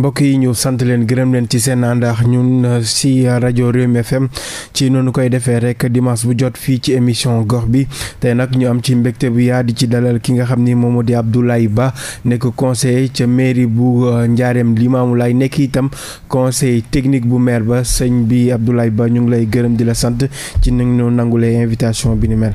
mbokk yi ñëw sant leen gërëm leen ci seen àndaax ñun euh, si euh, rajo Rewmi FM ci noonu koy defee rek dimanche bu jot fii ci émission gox bi te nag ñu am ci mbégte bu yaa di ci dalal ki nga xam ni moom moo di Abdoulaye Ba nekk conseiller ca mairie bu euh, Njaareem Limaamulaay nekk itam conseil technique bu maire ba sëñ bi Abdoulaye Ba ñu ngi lay gërëm di la sant ci nu ñu nangulee invitation bi ni mel.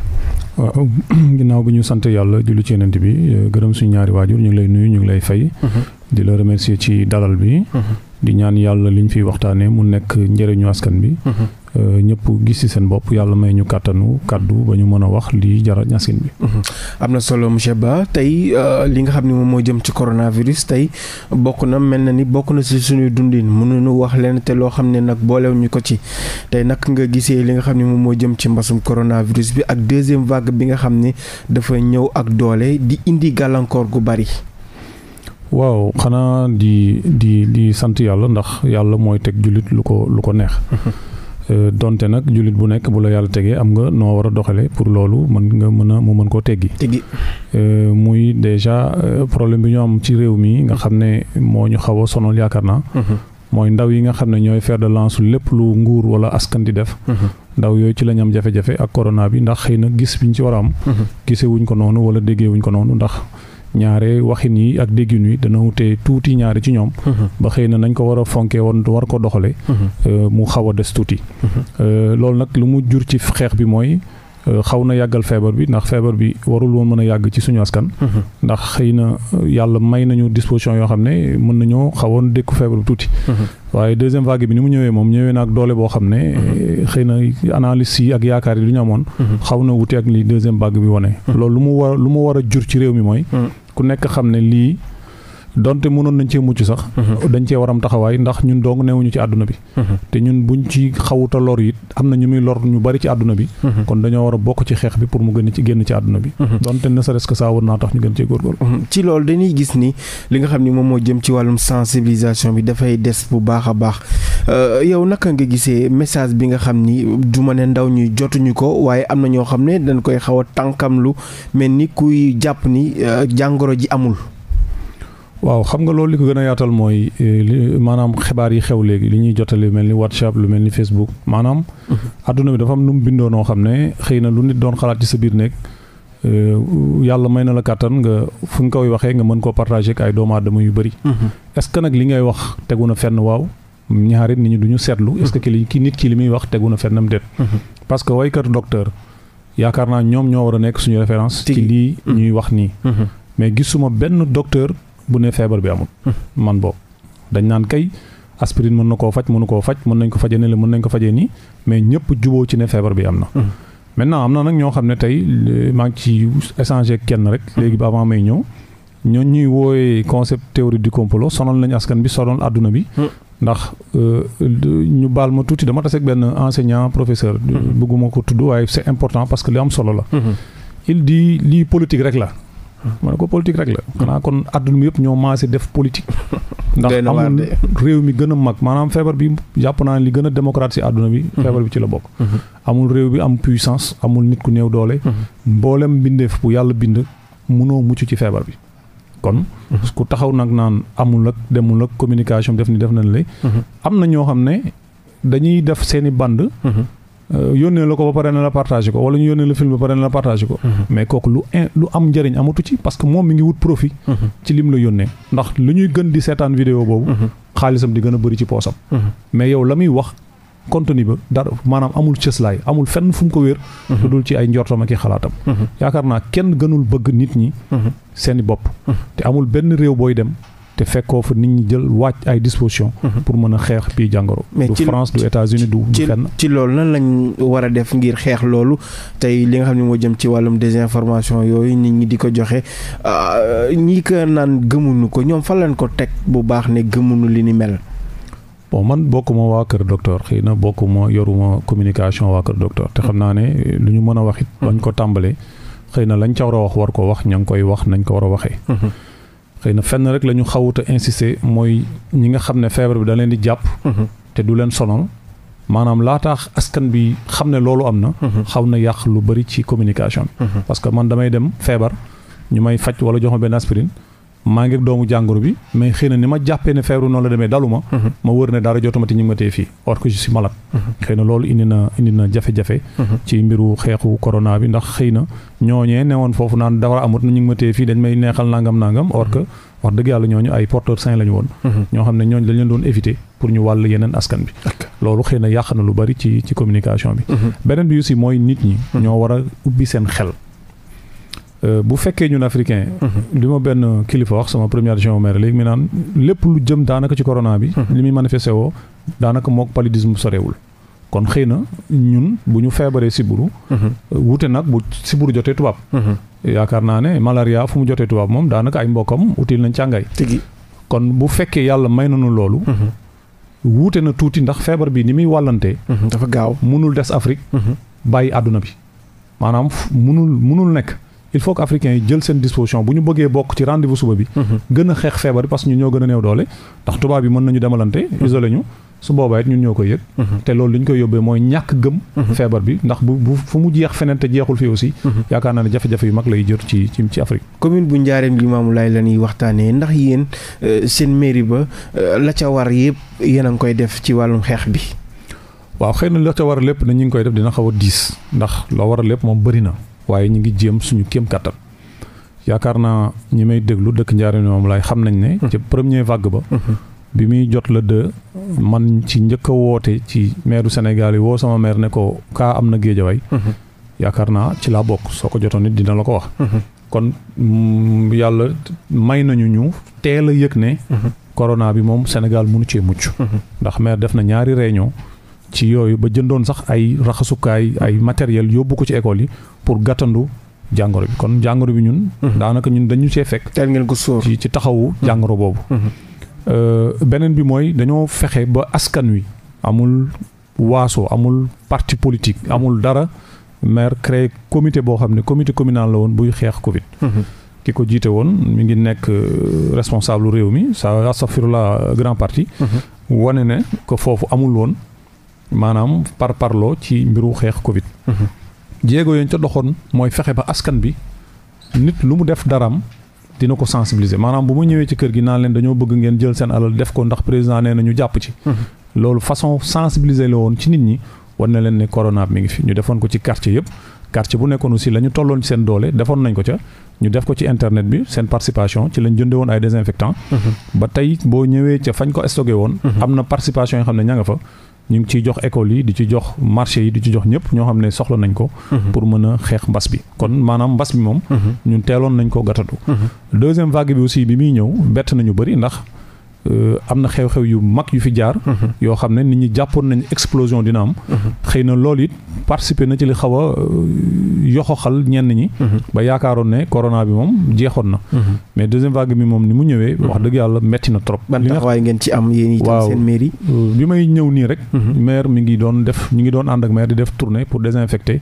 waaw ginnaaw bi ñu sant yàlla julli ci yonent bi euh, gërëm suñu ñaari waajur ñu ngi lay nuyu ñu ngi lay fay. Mm-hmm. di la remercier ci dalal bi. Mm-hmm. di ñaan yàlla liñ fiy waxtaanee mu nekk njëriñu askan bi. Mm-hmm. Euh, ñëpp gis ci seen bopp yàlla may ñu kàttanu kàddu ba ñu mën a wax lii jara ñasin bi. Mhm. am na solo monsieur Ba tey euh, li nga xam ne moom moo jëm ci coronavirus tey bokk na mel na ni bokk na si suñuy dundin mënuñu wax leen te loo xam ne nag ñu ko ci tey nag nga gisee li nga xam ne moom moo jëm ci mbasum coronavirus bi ak deuxième vague bi nga xam ne dafa ñëw ak doole di indi gàllankoor gu bari. waaw xanaa di di di sant yàlla ndax yàlla mooy teg jullit lu ko lu ko neex. Mhm. Euh, donte nag jullit bu nekk bu la yàlla tegee am nga noo war a doxale pour loolu man nga mën a mu mën koo teggi euh, muy déjà euh, problème bi ñu am ci réew mi nga xam ne moo ñu xaw a sonal yaakaar naa mhm. mooy ndaw yi nga xam ne ñooy fair de lance lépp lu nguur wala askan di def mhm. ndaw yooyu ci la ñu am jafe-jafe ak corona bi ndax xëy na gis biñ ci war am mhm. gisee ko noonu wala déggee ko noonu ndax ñaare waxin yi ak déggin yi dana wutee tuuti ñaare ci ñoom mhm. ba xëy na nañ ko war a fonkee war war ko doxale mhm. euh, mu xaw a des tuuti mhm. euh, loolu nag lu mu jur ci xeex bi mooy Euh, xaw na yàggal feebar bi ndax feebar bi warul woon mën a yàgg ci suñu askan. Mhm. ndax xëy na euh, yàlla may nañu disposition yoo xam ne mën nañoo xawoon dékku feebar bi tuuti. Mhm. waaye deuxième vague bi ni mu ñëwee moom ñëwee na ak doole boo xam ne. Mhm. Euh, xëy na analyse yi ak yaakaar yi lu ñu amoon. xaw na wute ak li deuxième vague bi wane. loolu lu mu war lu mu war a jur ci réew mi mooy. ku nekk xam ne lii. donte mënoon nañ cee mucc sax. Mhm. dañ cee waram taxawaay ndax ñun dong newuñu ci àdduna bi. Mhm. te ñun buñ ci xawuta lor it am na ñu muy lor ñu bari ci àdduna bi. Mhm. kon dañoo war a bokk ci xeex bi pour mu gën ci génn ci àdduna bi. donte ne serait-ce que ça war naa tax ñu gën cee góorgóorlu. ci loolu dañuy gis ni li nga xam ni moom moo jëm ci wàllum sensibilisation bi dafay des bu baax a baax euh, yow naka nga gisee message bi nga xam ni du ne ndaw ñuy jotuñu ko waaye am na ñoo xam ne dañ koy xaw a tànkamlu mel ni kuy jàpp ni euh, jàngoro ji amul. waaw xam nga loolu li ko gën a yaatal mooy eh, maanaam xibaar yi xew léegi li ñuy jotale mel ni WhatsApp lu mel ni Facebook maanaam. Mhm. adduna bi dafa nu mu bindoo noo xam ne xëy na lu nit doon xalaat ci sa biir nekk eh, yàlla may na la kàttan nga fu nga koy waxee nga mën koo partager ay doomu aadama yu bëri. Mhm. est-ce que nag li ngay wax tegu na fenn waaw. ñaari ni ñu du ñu seetlu. Mhm. est-ce que ki nit ki li muy wax tegu na fennam déet. parce que waykat docteur yaakaar naa ñoom ñoo war a nekk suñu référence. ci lii ñuy wax nii. mais gisuma benn docteur. bu ne feebar bi amul. man boobu dañ naan kay aspirine mën na koo faj mënu koo faj mën nañ ko fajee ne la mën nañ ko fajee nii mais ñëpp juboo ci ne feebar bi am na. Hmm. maintenant am na nag ñoo xam ne tey eh, maa ci échanger kenn rek hmm. léegi ba avant may ñëw ñoo ñuy wooyee concept théorie du complot sonal nañu askan bi sonal àdduna bi. Hmm. ndax euh, ñu baal ma tuuti dama taseeg benn enseignant professeur. bëgguma ko tudd waaye c'est important parce que li am solo la. il dit lii politique la. ma ne ko politique rek la xanaa kon àdduna mi yëpp ñoo maase def politique ndax amul réew mi gën a mag maanaam feebar bi jàpp naa ne li gën a démocrate si àdduna bi mhm. feebar bi ci la bokk mhm. amul réew bi am puissance amul nit ku néew doole mhm. mboolem bindeef bu yàlla bind munoo mucc ci feebar bi kon ku taxaw nag naan amul ak demul ak communication def ni def na la am na ñoo xam ne dañuy def seeni band Euh, yónnee la ko ba pare na la partagé ko wala ñu yónnee la film ba pare na la partagé ko. Mhm. mais kooku lu in lu am njëriñ amatu ci parce que moom mi ngi wut profit. Mhm. ci lim la yónnee ndax lu ñuy gën di seetaan vidéo boobu. Mhm. xaalisam di gën a bëri ci poosam. mais yow la muy wax contenu ba dara maanaam amul cëslaay amul fenn fu mu ko wér. lu dul ci ay njortam ak i xalaatam. yaakaar naa kenn gënul bëgg nit ñi. seeni bopp. te amul benn réew booy dem. te fekkoo fa nit ñi jël wàcc ay disposition mhm. pour mën a xeex bii jàngoro. du France du États-Unis du fenn. ci lool nan lañ war a def ngir xeex loolu tey li nga xam ne moo jëm ci wàllum désinformation yooyu nit ñi di ko joxe euh, ñi ko naan gëmuñu ko ñoom fan lañ ko teg bu baax ne gëmuñu li ni mel. bon man bokkuma waa kër docteur xëy na bokkuma yoruma communication waa kër docteur te xam naa ne lu ñu mën a wax it. Mhm. bañ ko tàmbalee xëy na lañ ca war a wax war ko wax ña ngi koy wax nañ ko war a waxee. Mhm. xëy na fenn rek la ñu xawut a insister mooy ñi nga xam ne feebar bi da leen di jàpp. Mhm. te du leen sonal maanaam laataax askan bi xam ne loolu am na. Mhm. xaw na yàq lu bëri ci communication bi. Mhm. parce que man damay dem feebar ñu may faj wala jox ma benn aspirine. maa ngi doomu jàngoro bi mais xëy na ni ma jàppee ne feebaru noonu la demee dalu ma mhm. ma wër ne dara jotuma te fii or que mhm. xëy na loolu indi na indi na jafe-jafe mhm. ci mbiru xeexu corona bi ndax xëy na ñooñee newoon foofu naan dara amut na ñu ngi ma fii dañ may neexal nangam nangam or que wax dëgg yàlla ñooñu ay porteur sain la ñu woon ñoo xam ne ñooñu dañ leen doon éviter pour ñu wàll yeneen askan bi loolu xëy na yàq na lu bari ci communication bi beneen bi aussi mooy nit ñi ñoo war ubbi seen xel Euh, bu fekkee ñun africain mhm. li ma benn kilifa wax sama première région maire léegi mi naan lépp lu jëm daanaka ci corona bi mhm. li muy manifesté woo daanaka mook paludisme sorewul kon xëy na ñun bu ñu feebaree siburu mhm. euh, wute nag bu siburu jotee tubaab yaakaar naa ne malaria fu mu jotee tubaab moom daanaka ay mbokkam utile nañ càngaay kon bu fekkee yàlla may nañu loolu wuute na tuuti ndax feebar bi ni muy wàllantee dafa gaaw munul des Afrique bàyyi àdduna bi maanaam munul nekk il faut que africains yi jël seen disposition bu ñu bëggee bokk ci rendez suba bi mhm. gën a xeex feebar bi parce que ñoo gën a doole ndax tubaab bi mën nañu demalante mhm. isolé ñu su boobaa it ñun ñoo koy yëg mhm. te loolu li ñu koy yóbbee mooy ñàkk gëm feebar bi ndax bu bu fu mu jeex feneen te jeexul fii aussi yaakaar naa ne jafe-jafe yu mag lay jot ci ci ci Afrique commune bu Ndiarème Limamoulaye la ñuy waxtaanee ndax yéen euh, seen mairie ba euh, la ca war yëpp yéen a ngi koy def ci wàllum xeex bi waaw xëy na la ca war na ñu ngi koy def dina xaw a diis ndax la war lépp na waaye ñu ngi jéem suñu kéem kattan yaakaar naa ñi may déglu dëkk njaari moom lay xam nañ ne. ci premier vague ba. bi muy jot la de man ci njëkk a woote ci maire Sénégal yi woo sama maire ne ko kaa am na géejawaay. yaakaar naa ci laa bokk soo ko jotoon nit dina la ko wax. kon mm, yàlla may nañu ñu teel yëg ne. corona bi moom Sénégal mënu cee mucc. ndax maire def na ñaari réunion. ci yooyu ba jëndoon sax ay raxasukaay ay matériel yóbbu ko ci école yi pour gàttandu jàngoro bi kon jàngoro bi ñun. Mhm. daanaka ñun dañu see fekk. teel ngeen ko sóor ci ci taxawu mhm. jàngoro boobu. Mhm. Euh, beneen bi mooy dañoo fexe ba askan wi amul waaso amul parti politique amul dara maire créé comité boo xam ne comité communal la woon buy xeex Covid. ki ko jiite woon mu ngi nekk euh, responsable réew mi sa la grand parti. wane ne ko foofu amul woon. maanaam par parloo ci mbiru xeex Covid. Mhm. jéego yooyu ca doxoon mooy fexe ba askan bi nit lu mu def daram dina ko sensibiliser maanaam bu mu ñëwee ci kër gi naa leen dañoo bëgg ngeen jël seen alal def ko ndax président nee na ñu jàpp ci. Mhm. loolu façon sensibiliser la woon ci nit ñi war na leen ne corona mi ngi fi ñu defoon ko ci quartier yëpp. quartier bu nekkoon aussi la ñu tolloon ci seen doole defoon nañ ko ca ñu def ko ci internet bi seen participation ci lañ jënde woon ay désinfectant mhm. ba tey boo ñëwee ca fañ ko stocké woon. am na participation yoo xam ne ña nga fa. ñu ngi ciy jox école yi di ci jox marché yi di ci jox ñëpp ñoo xam ne soxla nañ ko. Mhm. pour mën a xeex mbas bi kon maanaam mbas bi moom. Mhm. ñun teeloon nañ ko gatatu. Mhm. deuxième vague bi aussi bi muy ñëw bett nañu bëri ndax. Euh, am na xew-xew yu mag yu fi jaar. Mhm. yoo xam ne nit ñi jàppoon nañ explosion dina am. Mhm. xëy na loolu it participer na ci li xaw a euh, yoxoxal ñenn ñi. Mhm. ba yaakaaroon ne corona bi moom jeexoon na. mais deuxième vague bi moom ni mu ñëwee. wax dëgg yàlla metti na trop. ban taxawaay ngeen ci am yéen itam euh, bi may ñëw nii rek. maire mi ngi doon def ñu ngi doon ànd ak maire di def tournée pour désinfecter.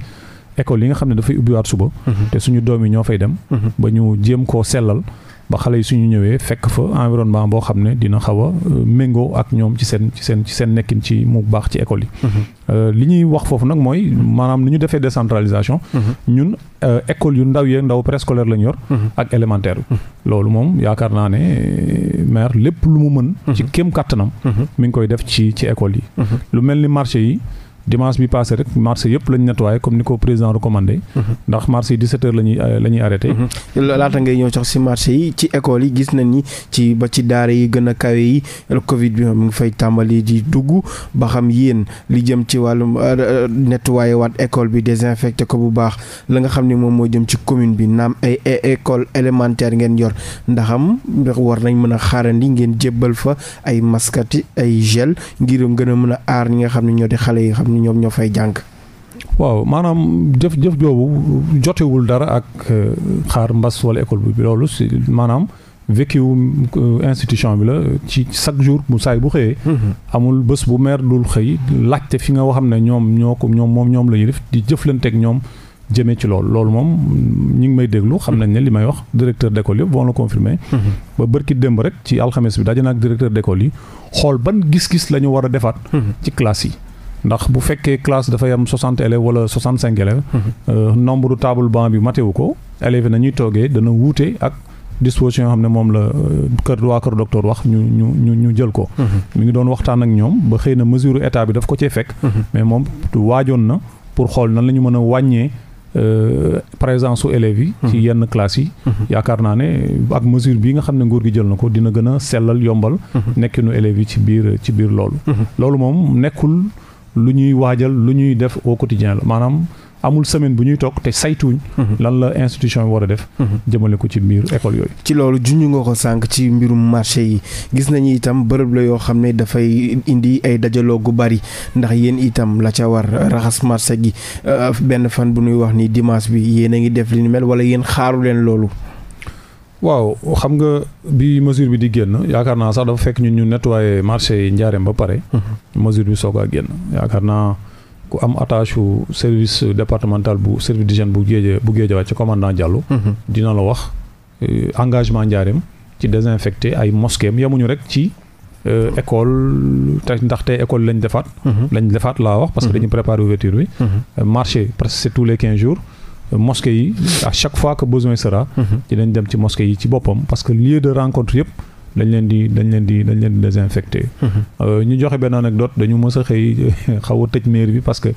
école yi nga xam ne dafay ubbiwaat suba. te suñu doom yi ñoo fay dem. ba ñu jéem koo sellal. ba xale yi suñu ñëwee fekk fa environnement boo xam ne dina xaw a euh, méngoo ak ñoom ci seen ci seen ci seen nekkin ci mu baax ci école yi. Mm-hmm. Euh, li ñuy wax foofu nag mooy maanaam ni ñu defee décentralisation. Mm-hmm. ñun euh, école yu ndaw yeeg ndaw préscolaire lañ yor. Mm-hmm. ak élémentaire loolu moom yaakaar naa ne maire lépp lu mu mën. ci kéem kattanam. mi ngi koy def ci ci école yi. lu mel ni marché yi. dimanche bi passé rek marché yëpp lañ nettoyé comme ni ko président recommandé. Mhm. ndax marché yi 17 heures la ñuy euh, la ñuy arrêté. Mhm. laata ngay ñëw sax si marché yi ci école yi gis nañ ni ci ba ci daara yi gën kawe yi Covid bi mu ngi fay tàmbali di dugg ba xam yéen li jëm ci wàllum euh, euh, nettoyé waat école bi désinfecté ko bu baax la nga xam ni moom moo jëm ci commune bi naam ay école élémentaire ngeen yor ndaxam a xaarandi ngeen jébbal fa ay masques ay gel ngir a mën a aar ñi nga xam ne ñoo di xale yi xam ne ñoom ñoo fay jàng. waaw maanaam jëf jëf joobu jotewul dara ak euh, xaar mbas wala école bi loolu si maanaam vécu euh, institution bi la ci chaque jour bu saay bu xëyee. Mm-hmm. amul bés bu meer dul xëy laajte fi nga xam ne ñoom ñoo ko ñoom moom ñoom la ñuy def di jëflanteeg ñoom. jëme ci lool loolu moom ñi ngi may déglu xam nañ ne li may wax directeur d' école yëpp vont le mm-hmm. ba bërki démb rek ci alxames bi daje naa ak directeur d' école yi xool ban gis-gis la ñu war ndax bu fekkee classe dafay am soixante élèves wala soixante cinq élèves. Mhm. Euh, nombre du table bi matewu ko élèves yi nañuy toogee dana wuute ak. disposition yoo xam ne moom la euh, kër waa kër docteur wax ñu ñu ñu ñu jël ko. mu mhm. ngi doon waxtaan ak ñoom ba xëy na mesure état bi daf ko cee fekk. Mhm. mais moom waajoon na pour xool nan la ñu mën a wàññee euh, présence su élèves yi. ci yenn classes yi. yaakaar naa ne ak mesure bi nga xam ne nguur gi jël na ko dina gën a sellal yombal. nekkinu élèves yi ci biir ci biir loolu. loolu moom nekkul. lu ñuy waajal lu ñuy def au quotidien la maanaam amul semaine bu ñuy toog te saytuñ. Mhm. lan la institution war a def. Mhm. jëmale ko ci biir école yooyu. ci loolu junj nga ko sànq ci mbirum marché yi gis nañu itam bërëb la yoo xam ne dafay indi ay dajaloo gu bari ndax yéen itam la ca war raxas marché gi euh, benn fan bu nuy wax ni dimanche bi yéen a ngi def li ni mel wala yéen xaaru leen loolu. waaw xam nga bi mesure bi di génn yaakaar naa sax dafa fekk ñun ñu nettoyer marché yi njaareem ba pare. Mhm. mesure bi soog a génn yaakaar naa ku am attache service départemental bu service d'hygiène bu géej bu géejawaay ci commandant Diallo. Mhm. dina la wax euh, engagement njaareem ci désinfecté ay mosquées yemuñu rek ci. Euh, école te ndaxte école mhm. lañ defaat. laa wax parce que dañu préparer ouverture bi. Euh, marché presque c'est tous les quinze jours. mosquée yi à chaque fois que besoin sera. Mhm. dinañ dem ci mosquée yi ci boppam parce que lieu de rencontre yëpp. dañ leen di dañ leen di désinfecté. Mhm. Euh, ñu joxe benn anecdote dañu mës a xëy xaw a tëj mairie bi parce que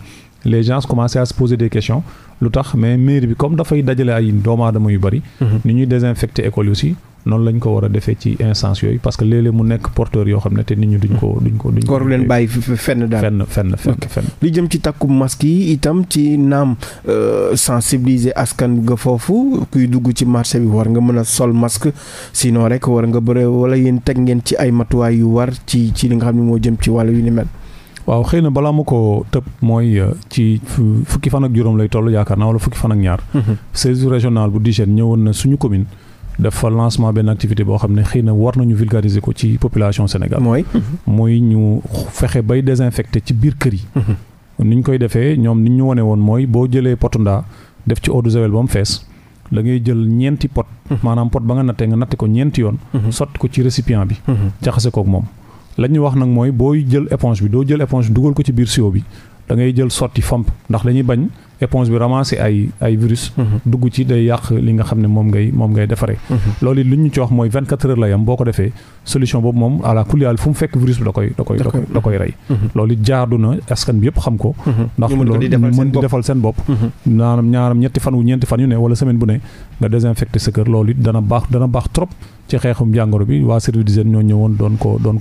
les gens commençaient à se poser des questions lu tax mais mairie bi comme dafay dajale ay doomu aadama yu bari. Mhm. ni ñuy désinfecter école yi aussi noonu lañ ko war a defee ci instance yooyu parce que léeg-léeg mu nekk porteur yoo xam ne te nit ñi duñ ko duñ ko duñ ko waru leen bàyyi fenn daal fenn fenn fenn fenn li jëm ci takkum masque yi itam ci naam euh, sensibiliser askan ga foofu kuy dugg ci marché bi war nga mën a sol masque sinon rek war nga bëre wala yéen teg ngeen ci ay matuwaay yu war ci ci li nga xam ne moo jëm ci wàllu yu ni mel waaw xëy na balaa mu ko tëb mooy euh, ci fukki fan ak juróom lay tollu yaakaar naa wala fukki fan ak ñaar. Mhm. service régional bu d'hygiène ñëwoon na suñu commune. dafa lancement benn activité boo xam ne xëy na war nañu vulgariser ko ci population Sénégal. mooy mhm. mooy ñu fexe bay désinfecté ci biir kër yi. Mhm. ni ñu koy defee ñoom ni ñu wane woon mooy boo jëlee pot ndaa def ci eau de javel mu fees da ngay jël ñeenti pot. maanaam pot ba nga nattee nga natte ko ñeenti yoon. sotti ko ci récipient bi. jaxase kook moom. la ñu wax nag mooy booy jël éponge bi doo jël éponge dugal ko ci biir siwo bi dangay jël sotti fomp ndax dañuy bañ éponge bi ramasser ay ay virus. Mhm. dugg ci day yàq li nga xam ne moom ngay defaree. Mhm. loolu it lu ñu ci wax mooy 24 heures la yam boo ko defee solution boobu moom à la kulli fu mu fekk virus bi da koy rey. Mhm. loolu it jaadu na askan bi yëpp xam ko. ndax loolu ñu defal seen bopp. ñaaram ñetti fan wu ñeenti fan yu ne wala semaine bu ne nga désinfecté sa kër loolu it dana baax dana baax trop. ci xeexum jàngoro bi waa service ñoo ñëwoon doon ko doon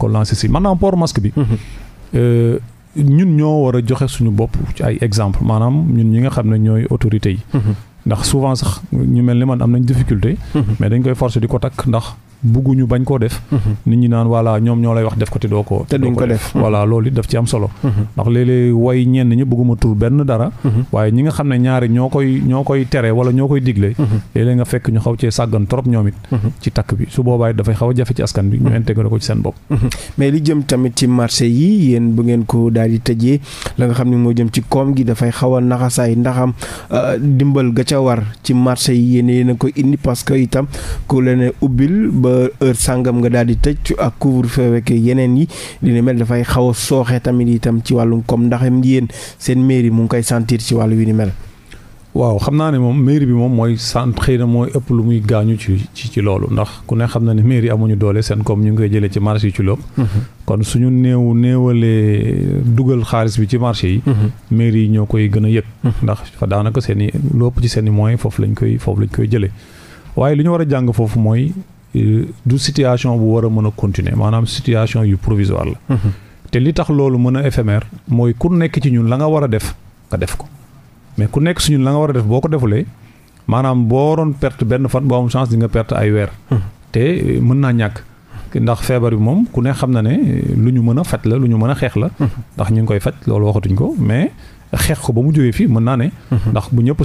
ñun ñoo war a joxe suñu bopp ci ay exemple maanaam ñun ñi nga xam ne ñooy autorités yi. Mhm. ndax souvent sax ñu mel ni man am nañ difficulté. Mhm. mais dañ koy forcer di ko takk ndax. bugguñu bañ koo def. Mhm. nit ñi naan voilà ñoom ñoo lay wax def ko te doo ko. te duñ ko def mhm. voilà loolu it daf ci am solo. Mhm. ndax léeg-léeg way ñenn ñi bëgguma tur benn dara. waaye ñi nga xam ne ñaari ñoo koy ñoo koy tere wala ñoo koy digle. léeg-léeg nga fekk ñu xaw cee sàggan trop ñoom ci takk bi su boobaa dafay xaw a jafe ci askan bi ñu intégré ko ci seen bopp. mais li jëm tamit ci marché yi yéen bu ngeen ko daal di tëjee la nga xam ne moo jëm ci koom gi dafay xaw a naxasaay euh, a ko indi ba heure sàngam nga daal di tëj ak couvre-feu ak yeneen yi li ne mel dafay xaw a sooxe tamit itam ci wàllum comme ndax yéen seen mairie mu ngi koy sentir ci wàllu wi ni mel. waaw xam naa ne moom mairie bi moom mooy sant xëy na mooy ëpp lu muy gaañu ci ci ci loolu ndax ku ne xam na ne mairie amuñu doole seen comme ñu ngi koy jëlee ci marché yi ci lopp mhm. kon suñu néew néewalee dugal xaalis bi ci marché yi. Mhm. mairie yi ñoo koy gën a yëg. Mhm. ndax fa daanaka seen i lu ëpp ci seen i moyens foofu foofu lañ koy jëlee waaye li ñu Euh, du situation bu war a mën a continuer maanaam situation yu provisoire la. Mhm. te li tax loolu mën a éphémère mooy ku nekk ci ñun la nga war a def nga def ko mais ku nekk si ñun la nga war a def boo ko defulee maanaam boo waroon perte benn fan boo am chance di nga perte ay weer. Mhm. te euh, mën naa ñàkk. ndax feebar bi moom ku ne xam na ne euh, lu ñu mën a faj la lu ñu mën a xeex la. Mhm. ndax ñu ngi koy faj loolu waxatuñ ko mais xeex ko ba mu jógee fii mën naa ne. ndax bu ñëpp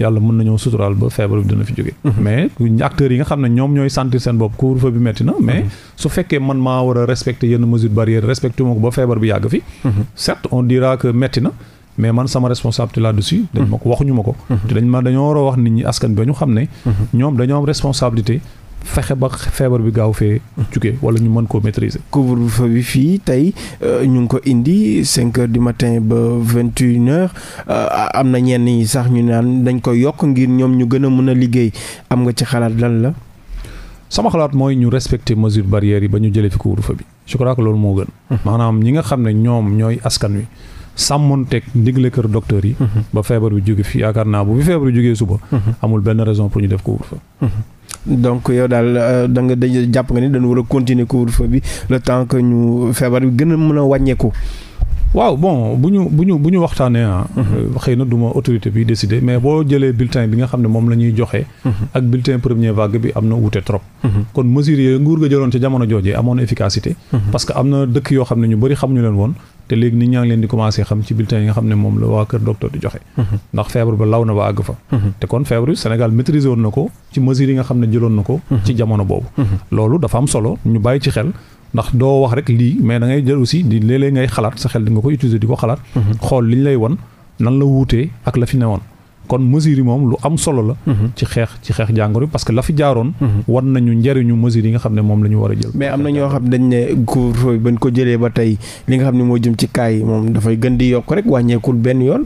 yàlla mën nañoo suturaal ba feebar bi dina fi jóge mhm. mais acteurs yi nga xam ne ñoom ñooy sentir seen bopp couvre-feu bi metti na mais mhm. su fekkee man maa war a respecter yenn mesures barrières respecté ko ba feebar bi yàgg fi mhm. certes on dira que metti na mais man sama responsabilité là-dessus dañ ma ko waxuñu ma ko ma dañoo war wax nit ñi askan bi ñu xam ne ñoom dañoo responsabilité fexe ba feebar bi gaaw fee jugee wala ñu mën koo maîtriser. couvre-feu bi fii tey euh, ñu ngi ko indi cinq heures du matin ba vingt et une heures euh, am na ñenn yi sax ñu naan dañ koy yokk ngir ñoom ñu gën a mën a liggéey am nga ci xalaat lan la. sama xalaat mooy ñu respecter mesure barrière yi ba ñu jëlee fi couvre-feu bi je loolu moo gën. Mhm. maanaam ñi nga xam ne ñoom ñooy askan wi. sàmmonteeg ndigle kër docteur yi. Mhm. ba feebar bi jóge fi yaakaar naa bu fi feebar bi jógee suba. Mhm. amul benn raison pour ñu def couvre donc yow daal euh, da nga daj jàpp nga ni dañu war a continuer couvre-feu bi le temps que ñu feebar bi gën a mën a wàññeeku. waaw bon bu ñu bu ñu bu ñu waxtaanee ah. Mhm. Euh, xëy na du ma autorité bi décidé mais boo jëlee bulletin bi nga xam ne moom la ñuy joxe. Mhm. ak bulletin première vague bi am na wuute trop. Mhm. kon mesures yooyu nguur ga jëloon ci jamono joojee amoon na efficacité. parce que am na dëkk yoo xam ne ñu xam xamuñu leen woon. te léegi nit ñaa ngi leen di commencé xam ci bulletin yi nga xam ne moom la waa kër docteur di joxe mhm. ndax feebar ba law na ba àgg fa mhm. te kon feebar bi Sénégal maîtriser na ko ci mesures yi nga xam ne jëloon na ko mhm. ci jamono boobu loolu dafa am solo ñu bàyyi ci xel ndax doo wax rek lii mais da ngay jël aussi di léeg-léeg ngay xalaat sa xel di nga ko utiliser di ko xalaat xool li ñu lay won nan la wuutee ak la fi ne newoon kon mesures yi moom lu am solo la. Mhm. ci xeex ci xeex jàngoro yi parce que la fi jaaroon. Mhm. war nañu njariñu mesures yi nga xam ne moom lañu ñu war a jël. mais am na ñoo xam dañ ne couvre-feu bi bañ ko jëlee ba tey li nga xam ne moo jëm ci cas yi moom dafay gën di yokk rek wàññeekul benn yoon.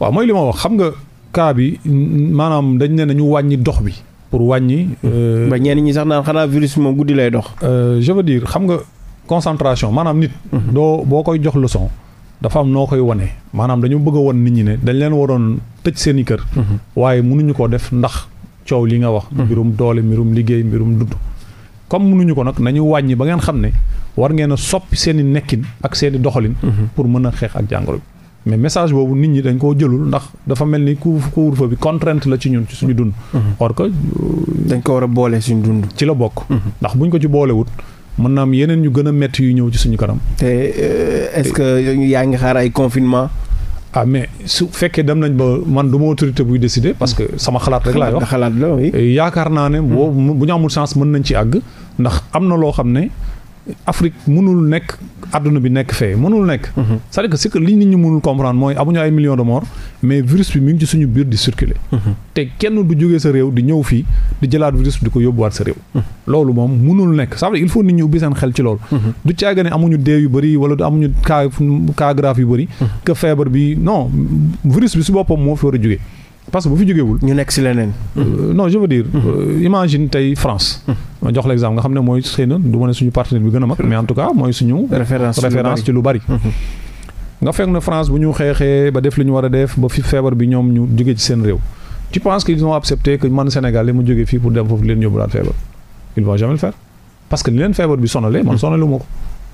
waaw mooy li ma wax xam nga cas bi maanaam dañ ne nañu wàññi dox bi. pour wàññi. Mhm. Euh, ba ñenn ñi sax naan xanaa virus moom guddi lay dox. Euh, je veux dire xam nga concentration maanaam nit. doo boo koy jox leçon. dafa am noo koy wane maanaam dañu bëgg a wan nit ñi ne dañ leen waroon tëj seen i kër. Mhm. waaye mënuñu ko def ndax coow li nga wax. Mhm. mbirum doole mbirum liggéey mbirum dund. comme mënuñu ko nag nañu wàññi ba ngeen xam ne war ngeen a soppi seeni nekkin ak seen i doxalin. Mhm. pour mën a xeex ak jàngoro bi. mais message boobu nit ñi dañ koo jëlul ndax dafa mel ni couvre-feu bi contrainte la ci ñun ci suñu dund. or que. dañ ko war a boole suñu dund. ci la bokk. ndax buñ ko ci boolewut mën naa am yeneen ñu gën a métti yu ñëw ci suñu kanam. te euh, est-ce que yaa ngi xaar ay confinement ah mais su fekkee dem nañ ba man du ma autorité buy décider parce que sama xalaat rek laa wax xalaat la yaakaar naa ne boo bu ñu amul chance mën nañ ci àgg ndax am na loo xam ne. Afrique mënul nekk àdduna bi nekk fee mënul nekk. Mhm. c'est-à-dire que c'est que li nit ñi mënul comprendre mooy amuñu ay millions de morts mais virus bi mu ngi ci suñu biir di circuler. Mhm. te kenn du jógee sa réew di ñëw fii di jëlaat virus di ko yóbbuwaat sa réew. Mhm. loolu moom mënul nekk sa veut dire il faut nit ñi ubbi seen xel ci loolu. du caaga ne amuñu dee yu bëri wala du amuñu cas cas grave yu bëri. que feebar bi non virus bi su boppam moo fi war a jógee. parce que bu fi jógeewul ñu nekk si leneen. Euh, non je veux dire. Mmh. Euh, imagine tey France. Mmh. ma jox la exemple nga xam ne mooy xëy na ne suñu partenaire bi gën a mag. mais en tout cas mooy suñu. référence ci lu bari mmh. nga fekk na France bu ñu xeexee ba def li ñu war a def ba fi feebar bi ñoom ñu jógee ci seen réew. tu penses qu'ils ont accepté que man Sénégal li mu jógee fii pour dem foofu leen yóbbulaat feebar. ils vont jamais le parce que li leen feebar bi sonalee. man sonalu ma ko.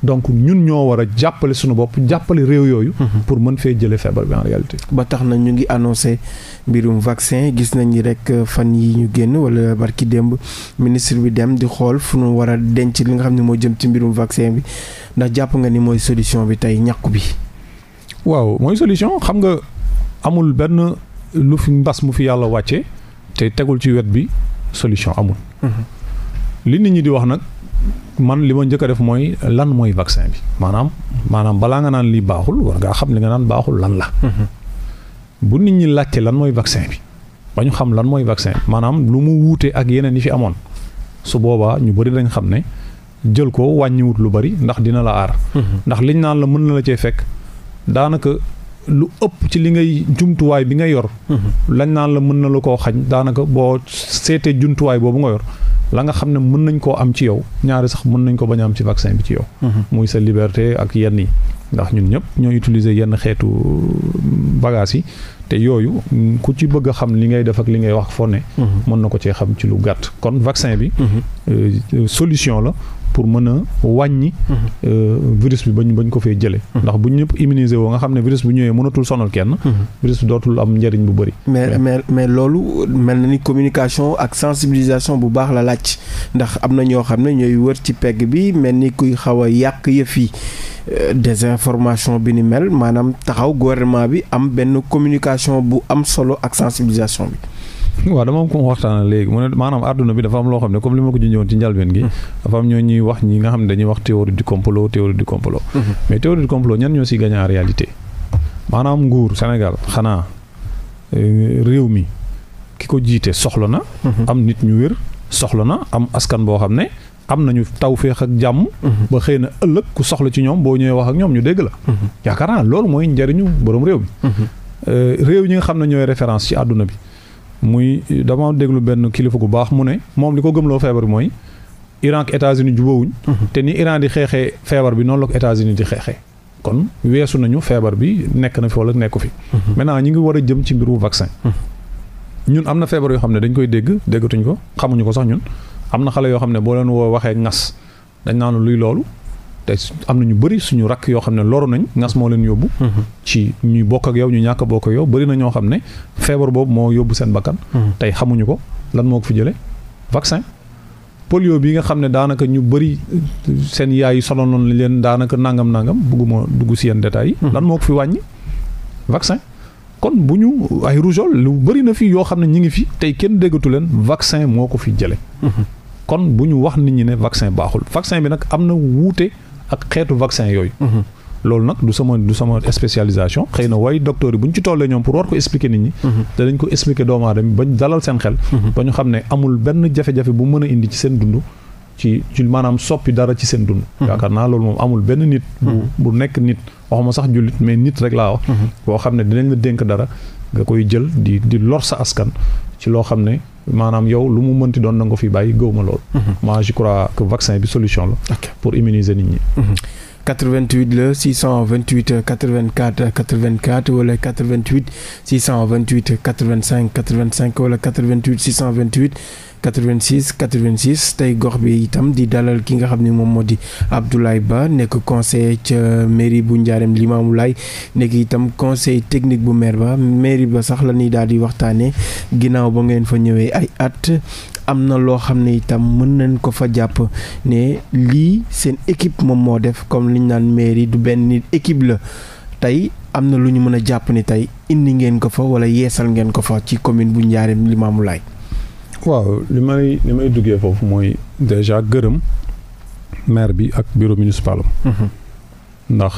donc ñun ñoo war a jàppale suñu bopp jàppale réew yooyu. Mhm. pour mën fee jëlee feebar bi en réalité. ba tax na ñu ngi annoncé mbirum vaccin gis nañ ni rek euh, fan yi ñu génn wala barki démb ministre bi dem di xool fu nu war a denc li nga xam ne moo jëm ci mbirum vaccin bi ndax jàpp nga ni mooy solution bi tey ñàkku bi. waaw mooy solution xam nga amul benn lu fi mbas mu fi yàlla wàcce te tegul ci wet bi solution amul. Mhm. man li ma njëkk def mooy lan mooy vaccin bi maanaam maanaam balaa nga naan lii baaxul war ngaa xam li nga naan baaxul lan la mhm. bu nit ñi laajte lan mooy vaccin bi ba ñu xam lan mooy vaccin bi maanaam lu mu wuute ak yeneen yi fi amoon su boobaa ñu bëri dañ xam ne jël ko wàññiwut lu bari ndax dina la aar mhm. ndax liñ naan la mën na la cee fekk daanaka lu ëpp ci li ngay jumtuwaay bi nga yor mhm. lañ naan la mën na la koo xañ daanaka boo seetee jumtuwaay boobu nga yor la nga xam ne mën nañ koo am ci yow ñaari sax mën nañ ko bañ am ci vaccin bi ci yow. Mhm. muy sa liberté ak yenn yi. ndax ñun ñëpp ñoo utiliser yenn xeetu mm, bagages yi te yooyu mm, ku ci bëgg xam li ngay def ak li ngay wax fo ne. Mhm. mën na ko cee xam ci lu gàtt kon vaccin bi. Mhm. Euh, solution la pour mën a wàññi. Mhm. Euh, virus bi bañ bañ ko fee jëlee. Mhm. ndax bu ñëpp immuniser woo nga xam ne virus bu ñëwee mënatul sonal kenn. Mhm. virus bi dootul am njëriñ bu bëri. mais mais mais loolu mel na ni communication ak sensibilisation bu baax la laaj ndax am na ñoo xam ne ñooy wër ci pegg bi mel ni kuy xaw a yàq yëf yi. Euh, désinformation bi ni mel maanaam taxaw gouvernement bi am benn communication bu am solo ak sensibilisation bi. waaw dama am ku mu waxtaan léegi mu ne maanaam àdduna bi dafa am loo xam ne comme li ma ko junjoon ci njëlbeen gi hmm. dafa am ñoo ñuy wax ñi nga xam ne dañuy wax théorie du complot théorie du complot hmm. mais théorie du complot ñan ñoo si gagné réalité maanaam nguur Sénégal xanaa euh, réew mi ki ko jiite soxla na hmm. am nit ñu wér soxla na am askan boo xam ne am nañu tawféex ak jàmm ba xëy na ëllëg ku soxla ci ñoom boo ñëwee wax ak ñoom ñu dégg la yaakaar naa loolu mooy njariñu borom réew mi euh, réew ñi nga xam ne ñooy référence ci àdduna bi muy dama déglu benn kilifa gu baax mu ne moom li ko gëmloo feebar bi mooy Iran ak États-Unis jubóowuñ mhm. te ni Iran di xeexee feebar bi noonu la ko États-Unis di xeexee kon weesu nañu feebar bi nekk na fi wala nekku fi mhm. maintenant ñi ngi war a jëm ci mbiru vaccin mhm. ñun am na feebar yoo xam ne dañ koy dégg déggatuñ ko xamuñu ko sax ñun am na xale yoo xam ne boo leen woo waxee ngas dañ naan luy loolu te am na ñu bëri suñu rakk yoo xam ne loru nañ ngas moo leen yóbbu mm-hmm. ci ñuy bokk ak yow ñu ñàkk a bokk ak yow bëri na ñoo xam ne feebar boobu moo yóbbu seen bakkan mm-hmm. tey xamuñu ko lan moo ko fi jële vaccin polio bi nga xam ne daanaka ñu bëri seen yaay yi sonaloon leen daanaka nangam nangam bugguma dugg si yenn détails yi mm-hmm. lan moo ko fi wàññi vaccin kon bu ñu ay lu bari na fi yoo xam ne ñi ngi fi tey kenn déggatu leen vaccin moo ko fi jële kon bu ñu wax nit ñi ne vaccin baaxul vaccin bi nag am na wuute ak xeetu vaccin yooyu. loolu nag du sama du sama spécialisation xëy na way docteur yi bu ñu ci tollee ñoom pour war ko expliquer nit ñi. danañ ko expliquer doomu aadama ba ñu dalal seen xel. ba ñu xam ne amul benn jafe-jafe bu mën a indi ci seen dund. ci ci maanaam soppi dara ci seen dund. yaakaar naa loolu moom amul benn nit. bu bu nekk nit ma sax jullit mais nit rek laa wax. boo xam ne dinañ la dénk dara nga koy jël di di lor sa askan ci loo xam ne. maanaam yow lu mu mënti doon na nga ko fi bàyyi gëw ma lool. Mhm. moi je crois que vaccin bi solution la. Okay. pour immuniser nit ñi. 88 mhm. la 628 84 84 wala 88 628 85 85 wala 88 628. 86 86 tey gox bi itam di dalal ki nga xam ne moom moo di Abdoulaye Ba nekk conseiller ca mairie bu Ndiarème Limamoulaye nekk itam conseil technique bu maire ba mairie ba sax la ñuy daal di waxtaanee ginnaaw ba ngeen fa ñëwee ay at am na loo xam ne itam mën nañ ko fa jàpp ne lii seen équipe moom moo def comme liñ naan mairie du benn nit équipe la tey am na lu ñu mën a jàpp ni tey indi ngeen ko fa wala yeesal ngeen ko fa ci commune bu Ndiarème Limamoulaye waaw li may li may duggee foofu mooy déjà gërëm maire bi ak bureau municipal am mhm. ndax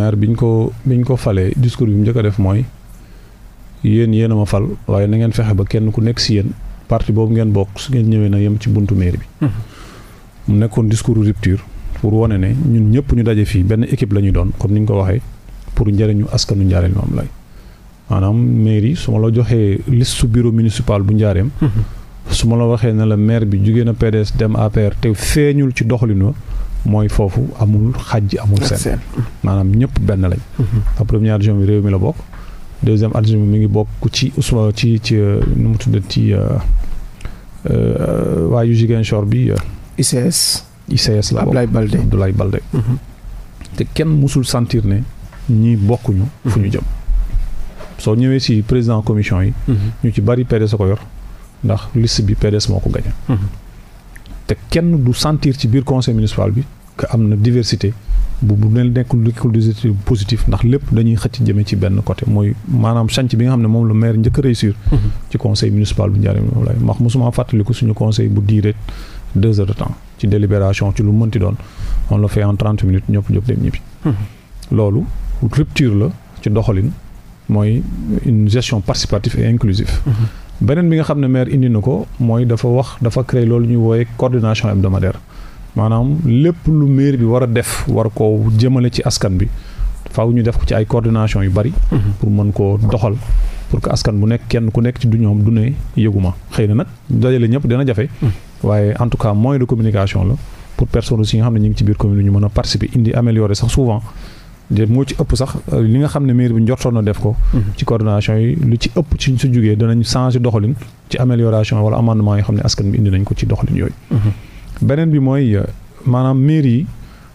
maire biñ ko biñ ko falee discours bi mu njëkk def mooy yéen yéen a ma fal waaye na ngeen fexe ba kenn ku nekk si yéen parti boobu ngeen bokk su ngeen ñëwee na yem ci buntu maire bi. Mhm. mu nekkoon discours rupture pour wane ne ñun ñëpp ñu daje fii benn équipe la ñu doon comme ni ñu ko waxee pour njëriñu askanu Njaaréem moom maanaam mairie su ma la joxee liste bureau municipal bu Njaaréem. Mhm. su ma la waxee na la maire bi jugee na PDS dem APR te feeñul ci doxalin wa mooy foofu amul xaj amul seen maanaam ñëpp benn lañ mhm. a premier bi réew mi la bokk deuxième adjoint bi mi ngi bokk ci Ousmane ci ci euh, nu mu tudd ci euh, euh, waa yu Ziguinchor bi ICS ICS la bokk Abdoulaye Baldé mhm. te kenn musul sentir ne ñi bokkuñu fu ñu mhm. jëm soo ñëwee si président commission yi ñu ci bari PDS a yor ndax liste bi PDS moo ko gañe mhm. te kenn du sentir ci biir conseil municipal bi que am na diversité bu bu ne nekkul nekkul diversité positif ndax lépp dañuy xëcc jëmee ci benn côté mooy maanaam chanc bi nga xam ne moom la maire njëkk a réussir mhm. ci conseil municipal bu Ndiarème Limamoulaye wax mosuma fàttaliku suñu conseil bu diire deux heures de temps ci délibération ci lu mënti doon on l'a fait en trente minutes ñëpp ñëpp dem ñibbi mhm. la ci doxalin mooy une gestion participative et inclusive beneen bi nga xam ne maire indi na ko mooy dafa wax dafa créer loolu ñuy wooye coordination hebdomadaire maanaam lépp lu maire bi war a def war a ko jëmale ci askan bi faaw ñu def ko ci ay coordination yu bari. Mhm. pour mën koo doxal pour que askan bu nekk kenn ku nekk ci du ñoom du ne yëguma xëy na nag dajale ñëpp dina jafe. Mhm. waaye en tout cas moyen de communication la pour personne aussi nga xam ne ñu ngi ci biir commune ñu mën a participer indi améliorer sax souvent. moo ci ëpp sax euh, li nga xam ne mairie bi njortoon na def ko. Mhm. ci coordination yi lu ci ëpp ci su jugee danañ changer doxalin ci amélioration wala amendement yoo xam ne askan bi indi nañ ko ci doxalin yooyu. Mhm. beneen bi mooy euh, maanaam mairie yi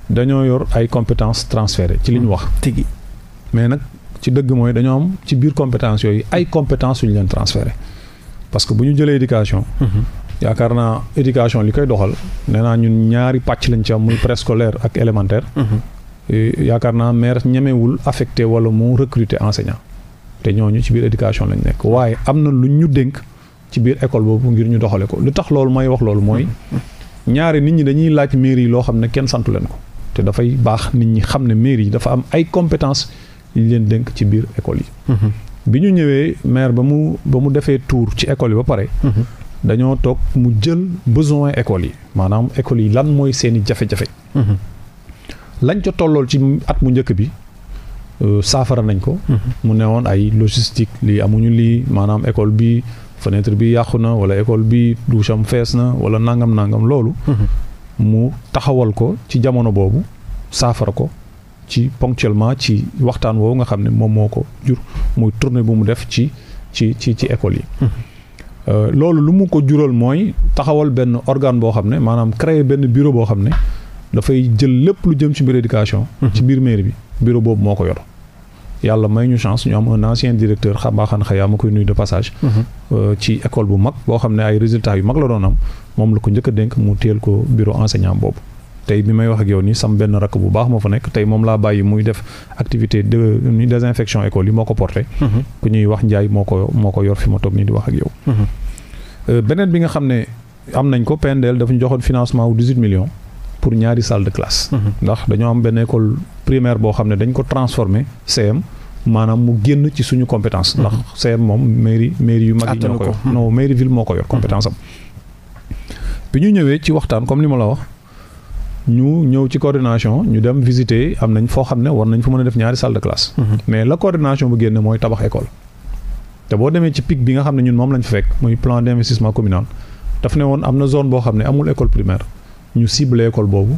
dañoo yor ay compétences transférées ci li ñu mhm. wax. tigi mais nag ci dëgg mooy dañoo am ci biir compétence yooyu ay compétences yu ñu leen transférées parce que bu ñu jëlee éducation. yaakaar naa éducation li koy doxal nee naa ñun ñaari pàcc lañ ci am muy préscolaire ak élémentaire. yaakaar naa maire ñemewul affecté wala mu recruter enseignant te ñoo ñu ci biir éducation lañ nekk waaye am na lu ñu dénk ci biir école boobu ngir ñu doxale ko lu tax loolu may wax loolu mooy ñaari nit ñi dañuy laaj mairie yi loo xam ne kenn santu leen ko te dafay baax nit ñi xam ne maire yi dafa am ay compétence yi leen dénk ci biir école yi mhm. bi ñu ñëwee maire ba mu ba mu defee tour ci école yi ba pare mhm. dañoo toog mu jël besoin école yi maanaam école yi lan mooy seeni jafe lañ ca tollool ci at mu njëkk bi euh, saafara nañ ko. Mhm. mu ne woon ay logistique lii amuñu lii maanaam école bi fenêtre bi yàqu na wala école bi douche am fees na wala nangam nangam loolu. Mhm. mu taxawal ko ci jamono boobu saafara ko ci ponctuellement ci waxtaan woowu nga xam ne moom moo ko jur muy tournée bu mu def ci ci ci ci école yi. Mhm. Euh, loolu lu mu ko jural mooy taxawal benn organe boo xam ne maanaam créer benn bureau boo xam ne. dafay jël lépp lu jëm ci biir éducation. Mhm. ci biir mairie bi bureau boobu moo ko yor. yàlla may ñu chance ñu am un ancien directeur xambaaxan xayaa ma koy nuyu de passage. Mhm. Euh, ci école bu mag boo xam ne ay résultats yu mag la doon am moom la ko njëkk a dénk mu teel ko bureau enseignant boobu. tey bi may wax ak yow nii sam benn rakk bu baax moo fa nekk tey moom laa bàyyi muy def activité de désinfection école yi moo ko porté. Mhm. ku ñuy wax Ndiaye moo ko moo ko yor fi ma toog nii euh, bi nga xam ne am nañ ko PNDL dafa ñu joxoon pour ñaari salle de classe. Mhm. ndax dañoo am benn école primaire boo xam ne dañ ko transformer CM. maanaam mu génn ci suñu compétence. Mhm. ndax CM moom mairie mairie yu mag yi ñoo ko yor non mairie ville moo ko yor mhm. compétence am. bi ñu ñëwee ci waxtaan comme li ma la wax ñu ñëw ci coordination ñu dem visiter am nañ foo xam ne war nañ fa mën a def ñaari salle de classe. mais la coordination bu génne mooy tabax école. te boo demee ci pic bi nga xam ne ñun moom lañ fa fekk muy ne am na zone ñu ciblé école boobu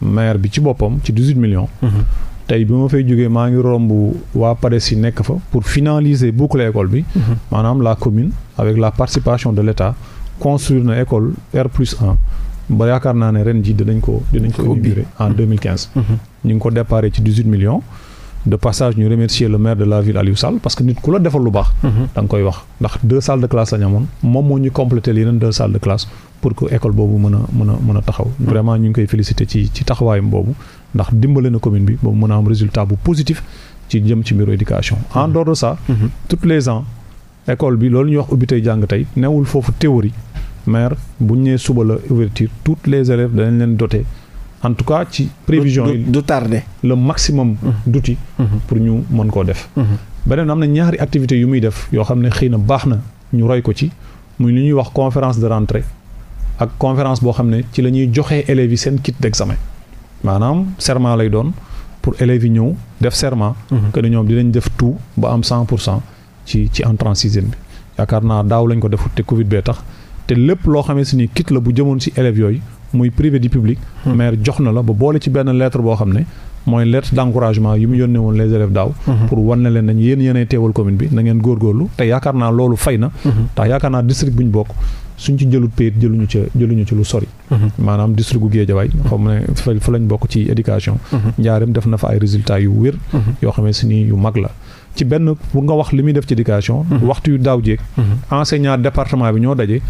maire bi ci boppam ci dix-huit millions. Mhm. tey bi ma fay jógee maa ngi romb waa PADES yi nekk fa pour finaliser boucler école bi. Mhm. maanaam la commune avec la participation de l'État construire na école R ba yaakaar naa ne ren ji dinañ ko ko inaugurer en mhm. ñu ngi ko déparé ci 18 millions. de passage ñu remercier le maire de la ville parce que nit ku la defal lu baax. da koy wax ndax deux de classe la amoon moom moo ñu pour que école boobu mën a mën a mën a taxaw. Hmm. vraiment ñu ngi koy féliciter ci ci taxawaayam boobu ndax dimbale na commune bi ba mu mën a am résultat bu positif ci jëm ci mbiru éducation. en hmm. dehors de ça. Hmm. tous les ans école bi loolu ñuy wax ubbi tey jàng tey newul foofu théorie mais bu ñu nee suba la ouverture toutes les élèves danañ leen doter en tout cas ci prévision yi du tardé le maximum d'outils pour ñu mën koo def beneen am na ñaari activités yu muy def yoo xam ne xëy na baax na ñu roy ko ci muy li ñuy wax conférence de rentrée ak conférence boo xam ne ci la ñuy joxee élèves yi seen kit d'examen maanaam serment lay doon pour élèves yi ñëw def serment. Mhm. que ni ñoom dinañ def tout ba am 100 pour cent ci ci entrant sixième bi yaakaar naa daaw lañ ko defut te Covid bee tax te lépp loo xamee si ni kit la bu jëmoon si élèves yooyu muy privé du public. Hmm. maire jox na la ba boole ci benn lettre boo xam ne. mooy lettre d'encouragement yi mu yónnee woon les élèves daaw hmm. pour wan na leen nañ yéen commune bi na ngeen góorgóorlu te yaakaar naa loolu fay na hmm. ndax yaakaar bu ñu bokk suñ ci jëlut payit jëluñu ca jëluñu ci lu sori mhm. maanaam district gu Géejawaay xam ne fa lañ bokk ci éducation mhm. njaareem def na fa ay résultats yu wér mhm. yoo xamee si ni yu mag la ci benn pour nga wax li muy def ci éducation waxtu yu daaw jéeg enseignant département bi ñoo daje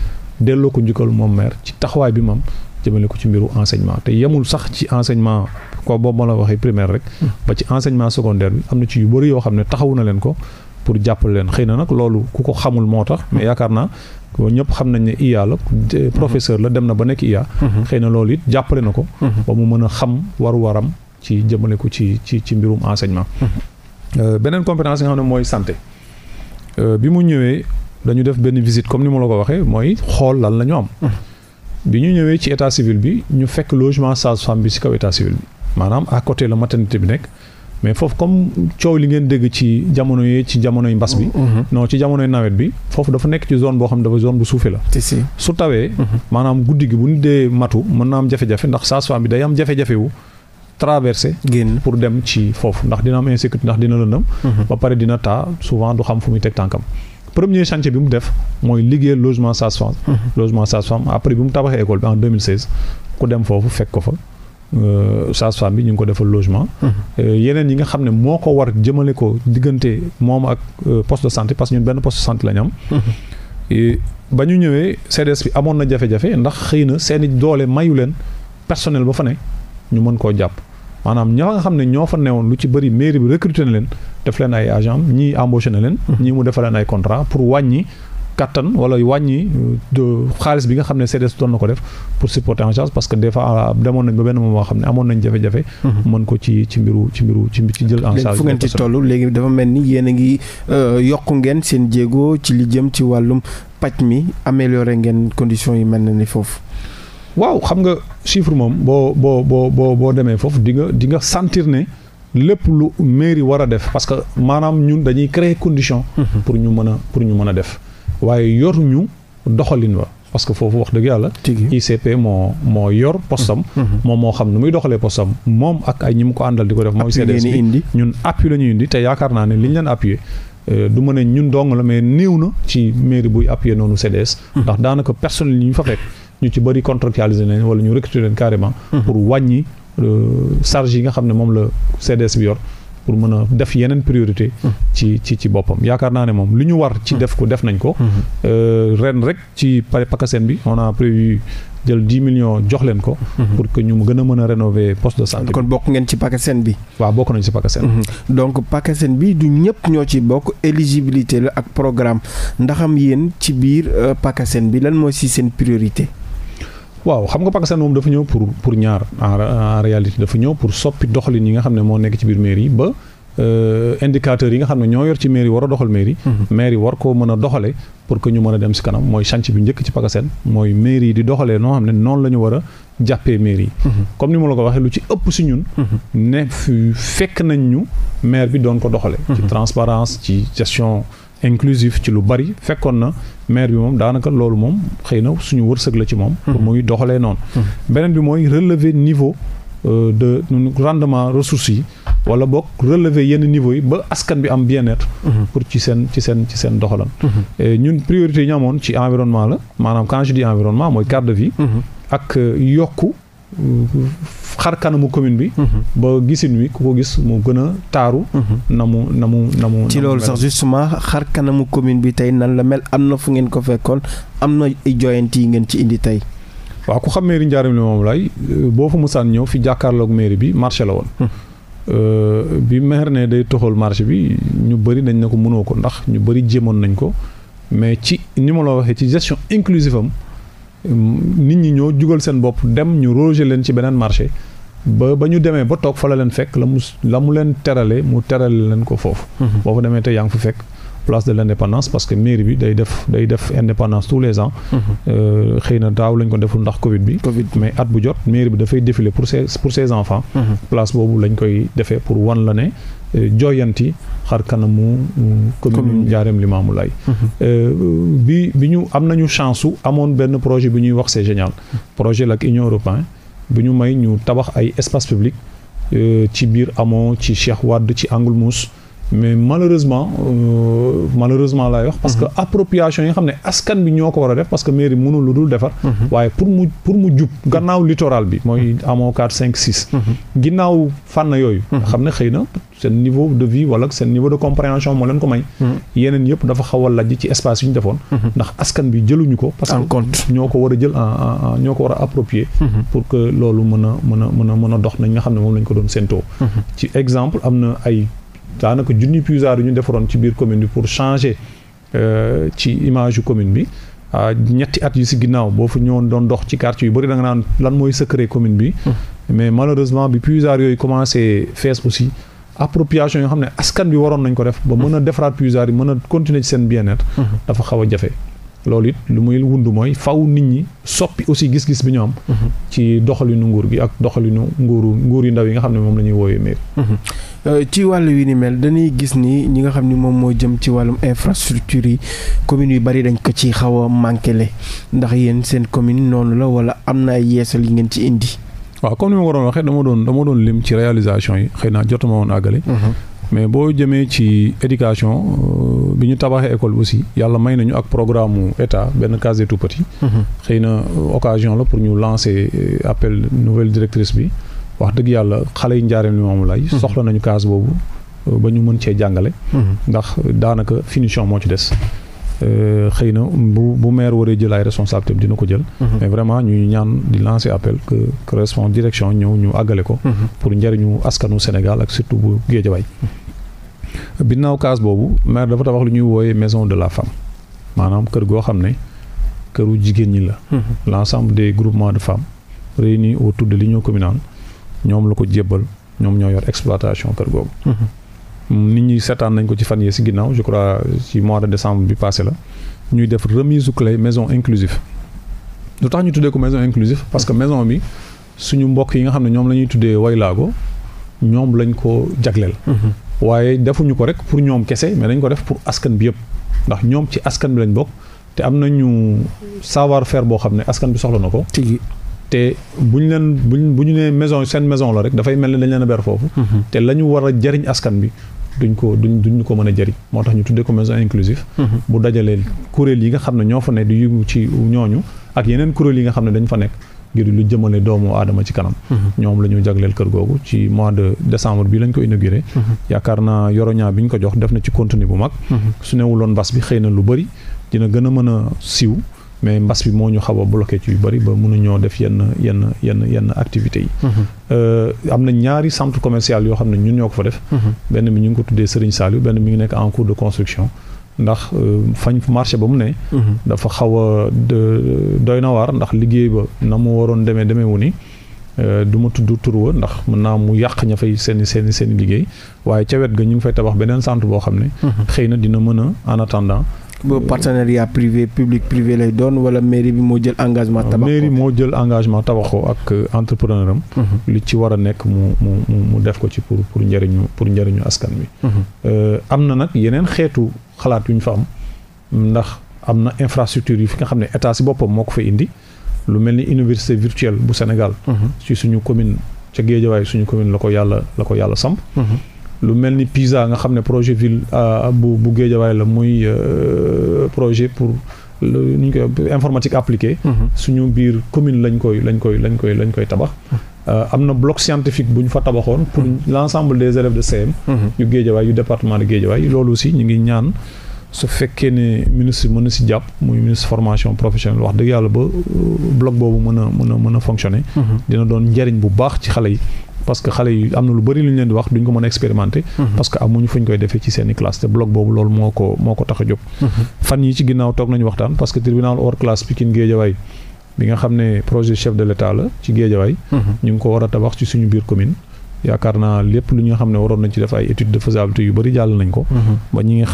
delloo ko njukkal moom maire ci taxawaay bi moom jëmale ko ci mbiru enseignement te yemul sax ci enseignement ko boobu ma la waxee primaire rek ba ci enseignement secondaire bi am na ci yu bëri yoo xam ne taxawu na leen pour jàppale leen xëy na nag loolu moo tax ñëpp xam nañ ne IA la mhm. professeur la dem na ba nekk IA mhm. xëy na loolu it jàppale na ko mhm. ba mu mën a xam war waram ci jëmale ko ci ci ci mbirum enseignement euh, beneen compétence nga xam ne mooy santé euh, bi mu ñëwee dañu def benn visite comme ni mu la ko waxee mooy xool lan la ñu am bi ñu ñëwee ci état civil bi ñu fekk logement sage-femme bi si kaw état civil bi maanaam à côté la maternité bi nekk mais foofu comme coow li ngeen dégg ci jamono yee ci jamonoy mbas bi. Mm-hmm. Mm-hmm. non ci jamonoy nawet bi foofu dafa nekk ci zone boo xam ne dafa zone bu suufee la. su tawee. Mm-hmm. maanaam guddi gi bu ñu dee matu mën na am jafe-jafe ndax sage-femme bi day am jafe-jafe wu. traversé génn pour dem ci foofu ndax dina am insécurité ndax dina lëndëm. ba pare dina taa souvent du xam fu muy teg tànkam. premier chantier bi mu def mooy liggéey logement sage-femme. logement sage-femme après bi mu tabaxee école bi en 2016 ku foofu fekk ko Euh, sage-femme bi ñu ngi ko defal logement. Mm-hmm. Euh, yeneen yi nga xam ne moo ko war jëmale ko diggante moom ak euh, poste de santé parce que ñun benn post de santé la ñu mm-hmm. ba ñu ñëwee CDS bi amoon na jafe-jafe ndax xëy na seen i doole mayu leen personnel ba fa ne ñu mën koo jàpp. maanaam ña nga xam ne ñoo fa newoon lu ci bëri mairie bi recruter na leen def leen ay agent ñii embauché na leen. Mm-hmm. ñii mu defaleen ay contrat pour wàññi. kattan wala wàññi euh, xaalis bi nga xam ne CDS doon na ko def pour supporter en charge parce que des fois ah, demoon nañ ba benn moment xam ne amoon nañ jafe-jafe. Mhm. mën ko ci ci mbiru ci mbiru ci ci jël en charge. fu ngeen ci toll léegi dafa mel ni yéen ngi euh, yokk ngeen seen jéego ci li jëm ci wàllum paj mi améliorer ngeen conditions yi mel na ni foofu. waaw xam nga chiffre moom boo boo boo boo boo demee foofu di nga di nga sentir ne. lépp lu mairie war a def parce que maanaam ñun dañuy créer condition mhm. ñu mën a pour ñu mën a def waaye yoruñu doxalin wa parce que foofu wax dëgg yàlla ICP moo moo yor postam mm-hmm, mm-hmm. moom moo xam nu muy doxalee postam moom ak ay ñi mu ko àndal di ko def moom CDS bi ñun appui la ñu indi te yaakaar naa ne li ñu leen appuyé euh, du ma ne ñun dong la mais néew na ci mairie buy appuyé noonu CDS mm-hmm. ndax daanaka personne yi ñu fa fekk ñu ci bëri contractualisé leen wala ñu recruté leen carrément pour wàññi euh, charge yi nga xam ne moom la CDS bi yor pour mën a def yeneen priorité hmm. ci ci ci boppam yaakaar naa ne moom lu ñu war ci hmm. def ko def nañ ko hmm. euh, ren rek ci pakaseen bi on a prévu jël dix million jox leen ko. pour que ñu gën a mën a rénover poste de santé. kon bokk ngeen ci pakaseen bi. waaw bokk nañ ci pakaseen. donc pakaseen bi du ñëpp ñoo ci bokk éligibilité la ak programme ndaxam yéen ci biir euh, pakaseen bi lan mooy si seen priorité. waaw xam nga Pakistan moom dafa ñëw pour pour ñaar en réalité dafa ñëw pour soppi doxalin yi nga xam ne moo nekk ci biir mairie yi ba euh, indicateurs yi nga xam ne ñoo yor ci mairie war a doxal mairie mm-hmm. mairie war koo mën a doxale pour que ñu mën a dem si kanam mooy chantier bi njëkk ci Pakistan mooy mairie yi di doxalee noo xam ne noonu la ñu a jàppee mairie yi mm-hmm. comme ni ma la ko waxee lu ci ëpp si ñun mm-hmm. ne fekk nañ ñu maire bi doon ko doxale ci transparence maire bi moom daanaka loolu moom xëy na suñu wërsëg la ci moom. pour mhm. muy doxalee noonu. Mhm. beneen bi mooy relever niveau euh, de rendement ressources yi wala boog relever yenn niveau yi ba askan bi am bien mhm. pour ci seen ci seen ci seen doxalan. ñun priorité yi ñu amoon ci environnement la maanaam quand je dis environnement mooy cadre de vie. ak euh, yokku. xar kanamu commune bi. Mhm. ba gisin wi ku ko gis mu gën a taaru. Mhm. na mu na mu na mu. ci loolu sax justement xar kanamu commune bi tey nan la mel am na fu ngeen ko fekkoon am na ay joyant yi ngeen ci indi tey. waaw ku xam mairie Ndiarème Limamoulaye euh, boo fa musaan ñëw fi jàkkaarloog mairie bi marché la woon. Mhm. Euh, bi maire ne day toxal marché bi ñu bëri dañ ne ko mënoo ko ndax ñu bëri jéemoon nañ ko mais ci ni ma la waxee ci gestion inclusive am. nit ñi ñoo jugal seen bopp dem ñu roger leen ci beneen marché ba ba ñu demee ba toog fa la leen fekk la mu la mu leen terale mu terale leen ko foofu mhm. boo fa demee te yaa ngi fa fekk place de l'indépendance parce que mairie bi day def day def indépendance tous les ans mhm. euh, xëy na daaw lañ ko deful ndax covid bi mais at bu jot mairie bi dafay défiler pour ses pour ses enfants mhm. place boobu lañ koy defee pour wan la ne jooyanti xar kanamu mm, commune Ndiarème Limamoulaye mhm. euh, bi bi ñu am nañu chance su amoon benn projet bi ñuy wax c'est projet la ak Union européen bi ñu may ñu tabax ay espace public euh, ci biir amoo ci Cheikh wadd ci Angle Mousse mais malheureusement euh, malheureusement laay wax parce que mhm. appropriation yi nga xam ne askan bi ñoo ko war a def parce que mairie mënul lu dul defar mhm. waaye pour mu jub gannaaw littoral bi mooy mhm. amoo 4 5 6 ginnaaw fànn yooyu xam ne xëy na seen niveau de vie wala seen niveau de compréhension moo leen ko may yeneen yëpp dafa xaw a lajj ci espace yu ñu defoon ndax askan bi jëluñu ko parce que ñoo ko a jël a approprier pour que mën a mën a mën a mën a dox nañ nga xam ne daanaka junni puisard yi ñu defaroon ci biir commune bi pour changer euh, ci image yu commune bi ah, ñetti at yu si ginnaaw boo fa ñëwoon doon dox ci quartier yu bëri da nga naan lan mooy secret commune bi. Hmm. mais malheureusement bi puisard yooyu commencé fees aussi appropriation yoo xam ne askan bi waroon nañ ko def. ba mën a defaraat puisard yi mën a continuer ci seen bien hmm. dafa xaw a jafe. loolu it lu muy wund mooy faw nit ñi soppi aussi gis-gis bi ñu am mhm. ci doxalinu nguur gi ak doxalinu nguuru nguur yu ndaw yi nga xam ne moom la ñuy wooyee maire mhm. euh, ci wàllu wi ni mel dañuy gis ni ñi nga xam ni moom moo jëm ci wàllum infrastructure yi communes yu bari dañ ko ci xaw a manqué le ndax yéen seen commune noonu la wala am na ay yeesal yi ngeen ci indi waaw comme ni ma waroon waxee dama doon dama doon lim ci réalisation yi xëy naa jotuma woon àggale mhm. mais boo jëmee ci éducation euh, bi ñu tabaxee école aussi yàlla may nañu ak programme mu état benn case des tout petits. Mhm. xëy na euh, occasion la pour ñu lancer euh, appel nouvelle directrice bi wax dëgg yàlla xale yi njaareem li moomu mhm. soxla nañu case boobu ba ñu mën cee jàngale. Mhm. ndax daanaka finition moo ci des. xëy na bu bu maire waree jël ay responsabilité dina ko jël. mais vraiment ñuy ñaan di lancer appel que que direction ñëw ñu àggale ko. pour njëriñu askanu Sénégal ak surtout bu binnaaw kaas boobu maire dafa tabax lu ñuy wooyee maison de la femme maanaam kër goo xam ne këru jigéen ñi la. Mhm. l' ensemble des groupements de femmes réunis autour de l'union communale ñoom la ko jébbal ñoom ñoo yor exploitation kër googu. Mhm. nit ñi seetaan nañ ko ci fan yee si ginnaaw je crois ci mois de décembre bi passé la ñuy def remise clé maison inclusive lu tax ñu tuddee ko maison inclusive parce que maison bi suñu mbokk yi nga xam ne ñoom la ñuy tuddee waylaago ñoom lañ ko jagleel. Mhm. waaye defuñu ko rek pour ñoom kese mais dañ ko def pour askan bi yëpp ndax ñoom ci askan bi lañu bokk te am ñu savoir fair boo xam ne askan bi soxla na ko. te bu ñu leen buñ bu ñu nee maison seen maison la rek dafay mel ne dañ leen a ber foofu. Mhm. te la ñu war a jëriñ askan bi duñ ko duñ duñ ko mën a jëriñ moo tax ñu tuddee ko maison inclusive. bu mhm. dajalee kuréel yi nga xam ne ñoo fa ne di yëngu ci ñooñu ak yeneen kuréel yi nga xam ne dañ fa nekk. ngir lu jëmale doomu aadama ci kanam mhm. ñoom la ñu jagleel kër googu ci mois de décembre bi lañ ko inauguré mhm. yaakaar naa yoroñaa bi ñu ko jox def na ci contenu bu mag mhm. su newuloon mbas bi xëy na lu bëri dina gën a mën a siiw mais mbas bi moo ñu xaw a ci yu bëri ba mënuñoo def yenn yenn yenn yenn activités yi euh, am na ñaari centre commercial yoo xam ne ñun ñoo ko fa def benn mi ñu ngi ko tuddee Serigne Saliou benn mi ngi nekk en cours de construction ndax euh, fañ marché ba mu ne. Mhm. dafa xaw a doy na waar ndax liggéey ba na mu waroon demee demee wu ni. Euh, du ma tudd turwa ndax mën naa mu yàq ña fay seen i seen i liggéey waaye ca wet ga ñu ngi fay tabax beneen centre boo xam ne. Mhm. xëy na dina mën a en attendant. ba euh, partenariat privé public privé lay doon wala mairie bi moo jël engagement. tabax moo jël engagement tabax ak entrepreneur am. Mhm. li ci war a nekk mu mu mu def ko ci pour pour njëriñu pour njëriñu askan wi. am na nag yeneen xeetu xalaat yu ñu fa am ndax am na infrastructure yi fi nga xam ne état si boppam moo ko fa indi lu mel ni université virtuelle bu Sénégal mhm. ci suñu commune ca Géejawaay suñu commune la ko yàlla la ko yàlla samp mhm. lu mel ni PISA nga xam ne projet ville euh, bu bu Géejawaay la muy euh, projet pour lu ñu koy informatique appliquée. Mhm. suñu biir commune lañ koy lañ koy lañ koy tabax. Euh, am na bloc scientifique bu ñu fa tabaxoon. pour mhm. l' ensemble des élèves de CM. Mhm. yu Géejawaay yu département de Géejawaay loolu aussi ñu ngi ñaan. su fekkee ne ministre mën na si jàpp muy ministre formation professionnelle wax dëgg yàlla ba euh, bloc boobu mën a mën a mën a fonctionner. dina doon njëriñ bu baax ci xale yi. parce que xale yi am na lu bëri lu leen di wax duñ ko mën a mhm. parce que amuñu fuñ koy defee ci seen i classe te bloc boobu loolu moo ko moo ko tax a jóg. Mhm. fan yi ci ginnaaw toog nañu waxtaan parce que tribunal hors classe Pikine Guédiawaye bi nga xam ne projet chef de l'état la ci Guédiawaye. Mhm. ñu ngi ko war a tabax ci suñu biir commune. yaakaar naa lépp lu ñu xam ne waroon nañ ci def ay études de faisabilité yu bëri jàll nañ ko. ba ñu ngi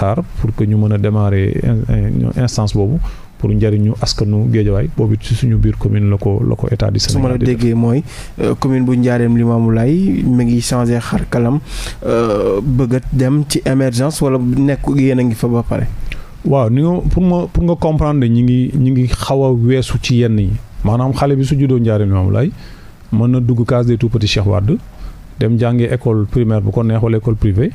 pour njëriñu askanu Géejawaay boobu ci suñu biir commune la ko la ko état du Sénégal. su ma la déggee mooy euh, commune bu Ndiarème Limamoulaye mi ngi changé xar kalam euh, bëgg a dem ci émergence wala nekk yéen a ngi fa ba pare. waaw ni pour ma pour nga comprendre ñi ngi ñi ngi xaw a weesu ci yenn yi maanaam xale bi su juddoo Ndiarème Limamoulaye mën na dugg case des tout petits Cheikh Wade dem jàngee école primaire bu ko neex wala école privée.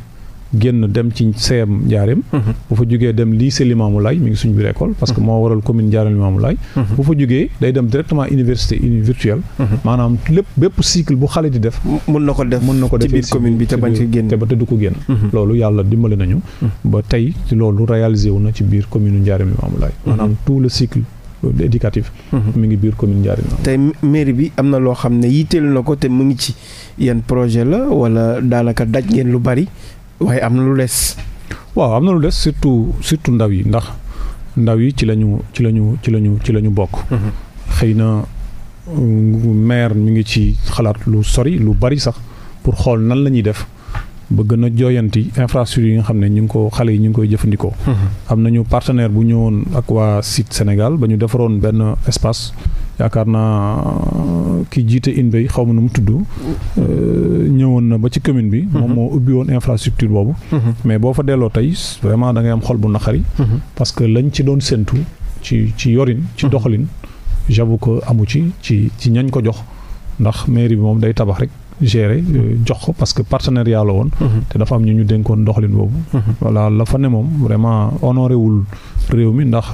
génn dem ci CM Njaareem mhm. bu fa jugee dem lycée Limamou Laye mi ngi suñ biir école parce que mhm. moo waral commune Njaareem Limamou Laye mhm. bu fa jugee day dem directement université uni maanaam lépp bépp cycle bu xale di def mun na biir commune bi te bañ ci maanaam tout le cycle euh, éducatif mu ngi biir commune Ndiarème tey mairie bi am na loo xam ne yitteel na ko te mu ngi ci yan projet la wala daanaka daj ngeen lu bari waaye am na lu des. waaw am na lu des surtout surtout ndaw yi ndax ndaw yi ci la ñu ci lañu ci lañu ci la ñu bokk. Mhm. xëy na maire ñu ngi ci xalaat lu sori lu bari sax pour xool nan la ñuy def. ba gën a jooyanti infrastructure yi nga xam ne ñu ngi ko xale yi ñu ngi koy jëfandikoo. Mhm. am nañu partenaire bu ñëwoon ak waa site Sénégal ba ñu defaroon benn espace yaakaar naa euh, ki jiite INPE xaw ma nu mu tudd. Euh, ñëwoon na ba ci commune bi. moom mhm. moo ubbi woon infrastructure boobu. Mhm. mais boo fa delloo tey vraiment da am xol bu naqari. Mhm. parce que lañ ci doon séntu ci ci yorin. ci doxalin j'avoue ko amu ci ci ci ñañ ko jox ndax mairie bi moom day tabax rek. géré euh, jox ko parce que partenariat la woon. te dafa am ñu ñu dénkoon doxalin boobu. voilà la fa ne moom vraiment honoré wul réew mi ndax.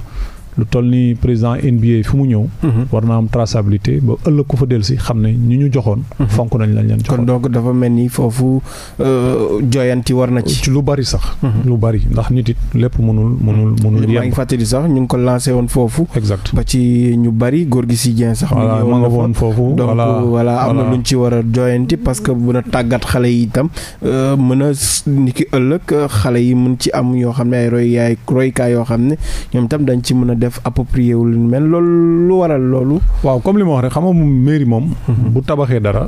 lu toll ni président NBA fu mu ñëw. Mhm. war naa am traçabilité ba ëllëg ku fa dellu si xam ne ñu ñu joxoon. Mhm. fonk nañ lañ leen joxoon kon donc dafa mel ni foofu euh, joyanti war na ci. lu bari sax. Mhm. lu bari ndax nit it lépp mënul mënul mënul. maa ngi fàttali sax ñu ko lancé woon foofu. exact ba ci ñu bari góor gi si Dieng sax. voilà ma nga woon foofu donc voilà am na luñ ci war a joyanti parce que bu na tàggat xale yi itam euh, mën a ni ki ëllëg xale yi mën ci am yoo xam ne ay roy yaay yoo xam ne ñoom itam dañ ci mën a def approprié wu lu mel loolu lu waral loolu. waaw comme li ma wax rek xam nga moom. Mhm. bu tabaxee dara.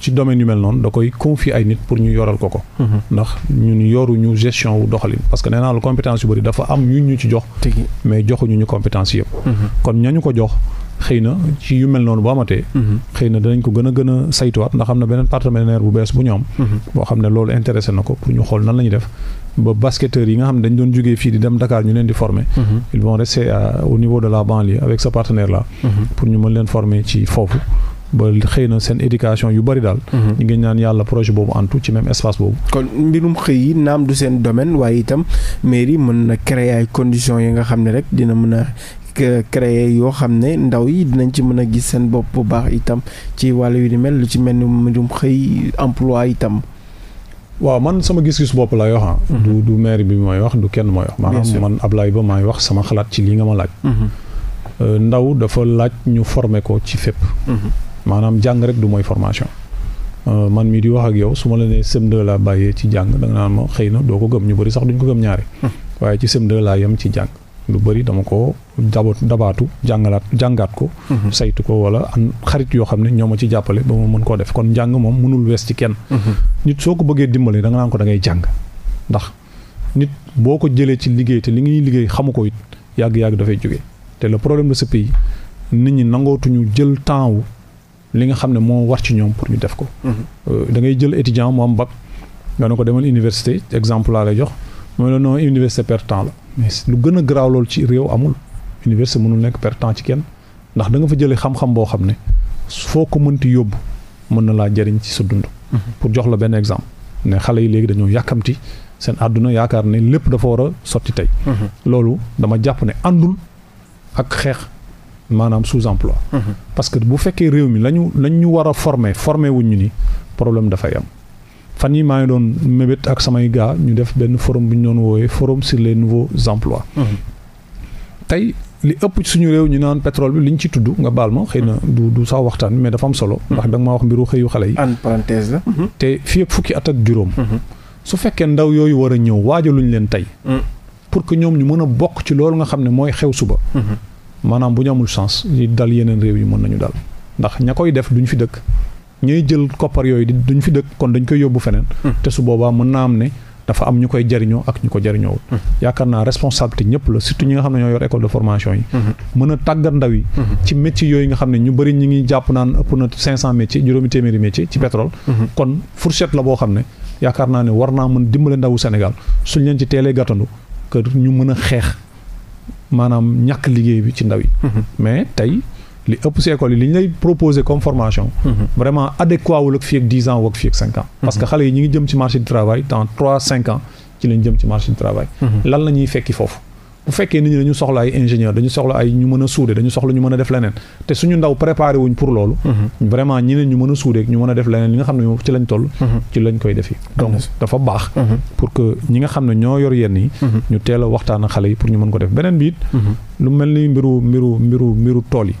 ci domaine yu mel noonu da koy confier ay nit pour ñu yoral ko ko. Mhm. ndax ñun yoruñu gestion wu doxalin parce que nee naa compétence yu bëri dafa am ñu ñu ci jox. mais joxuñu ñu compétence yëpp. Mhm. kon ñañu ko jox. xëy na ci yu mel noonu bu amatee. xëy danañ ko gën a gën a ndax xam na beneen partenaire bu bees bu ñoom. boo xam ne loolu intéressé na ko pour ñu xool ba basketteurs yi nga xam ne dañ doon jógee fii di dem Dakar ñu leen di former. Mhm. ils vont rester au niveau de la banlieue avec ce partenaire là. Mhm. pour ñu mën leen former ci foofu. ba xëy na seen éducation yu bari daal. Mhm. ñu ngi ñaan yàlla projet boobu antu ci même espace boobu. kon mbirum xëy yi naam du seen domaine waaye itam mairie mën na créer ay conditions yi nga xam ne rek dina mën a créer yoo xam ne ndaw yi dinañ ci mën a gis seen bopp bu baax itam ci wàllu waaw man sama gis-gis bopp lay wax ah. Mhm. du du maire bi mooy wax du kenn mooy wax. maanaam man Ablaye Ba maay wax sama xalaat ci lii nga ma laaj. Mhm. Euh, ndaw dafa laaj ñu former ko ci fépp. Mhm. maanaam jàng rek du mooy formation. Euh, man mii di wax ak yow su ma la nee CM2 laa bàyyee ci jàng da nga naan ma xëy na doo ko gëm ñu bëri sax duñ ko gëm ñaari. Hmm. waaye ci CM2 laa yem ci jàng. lu bëri dama ko daba dabaatu jàngalaat jàngaat ko mhm. saytu ko wala am xarit yoo xam ne ñoo ma ci jàppale ba ma mën koo def kon njàng moom mënul wees ci kenn mhm. nit soo ko bëggee dimbali da nga ko da ngay jàng ndax nit boo ko jëlee ci liggéey te li ngay liggéey xamu ko it yàgg-yàgg dafay jóge te le problème de ce pays nit ñi nangootuñu jël temps wu li nga xam ne moo war ci ñoom pour ñu def ko mhm. euh, da ngay jël étudiant mu laa lay jox mooy la non université per temps lu gën a garaaw loolu ci réew amul université mënul nekk per temps ci kenn ndax da nga fa jëlee xam-xam boo xam ne foo ko mënti yóbbu mën na laa jëriñ ci sa dund. Mhm. pour jox la benn exemple ne xale yi léegi dañoo yàkkamti seen àdduna yaakaar ne lépp dafa war a sotti tey. Mhm. loolu dama jàpp ne àndul ak xeex maanaam sous-emploi. Mhm. parce que bu fekkee réew mi lañu lañu war a former former wuñ ñu ni problème dafay am. fan yi maa ngi doon mébét ak samay gaa ñu def benn forum bu ñu doon woowee forum sur les nouveaux emplois mhm. tey li ëpp suñu réew ñu naan pétrole bi li ñu ci tudd nga baal ma xëy na mhm. du du sax waxtaan mais dafa am solo mhm. ndax da nga maa wax mbiru xëyu xale yi en parenthèse la te fii ak fukki at ak juróom su fekkee ndaw yooyu war a ñëw luñ leen tey pour que ñoom ñu mën a bokk ci loolu nga xam ne mooy xew suba maanaam bu ñu amul chance li dal yeneen réew yi mën nañu daal ndax ña koy def duñ fi dëkk ñuy jël koppar yooyu di duñ fi dëkk kon dañ koy yóbbu feneen. Hmm. te su boobaa mën naa am ne dafa am ñu koy jariñoo ak ñu ko jariñoowul hmm. yaakaar naa responsabilité ñëpp la surtout ñi nga xam ne ñoo yor école de formation yi. Hmm. mën a tàggat ndaw yi. ci métier yooyu nga xam ne ñu bari ñu ngi jàpp naan ëpp na 500 métiers juróomi téeméeri métier ci pétrole. kon fourchette la boo xam ne yaakaar naa ne war naa mën dimbale ndawu Sénégal suñ leen ci teelee gàttandu que ñu mën a xeex maanaam ñàkk liggéey bi ci ndaw yi. mais li ëpp si école li ñu lay proposer mhm. vraiment adéquat wul ak fii ak dix ans cinq ans. parce que mhm. xale yi ngi jëm ci marché du travail dans trois cinq ans ci lañ jëm ci marché du travail. Mhm. lan la ñuy fekki foofu. bu fekkee nit ñi dañu soxla ay ingénieur dañu soxla ay ñu mën a suude dañu soxla ñu mën a def leneen te suñu ndaw préparé wuñ pour loolu mhm. vraiment ñi ne ñu mën a suude ñu mën a def leneen li mhm. mhm. ñoo yor yenn yi ñu teel a yi pour ñu ko def beneen bi it lu tool yi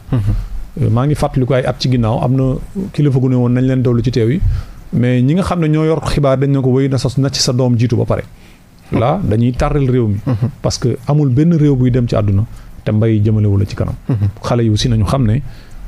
euh, maa ngi fàttaliku ay at ci ginnaaw na kilifa gu ne woon nañ leen dollu ci teew nga xam ne ñoo yor xibaar dañ ne ko wéy na sa na ci sa doom jiitu ba pare là dañuy tàrrel réew mi mhm. parce que amul benn réew buy dem ci àdduna te mbay jëmalewu la ci kanam mhm. xale yi aussi nañu xam ne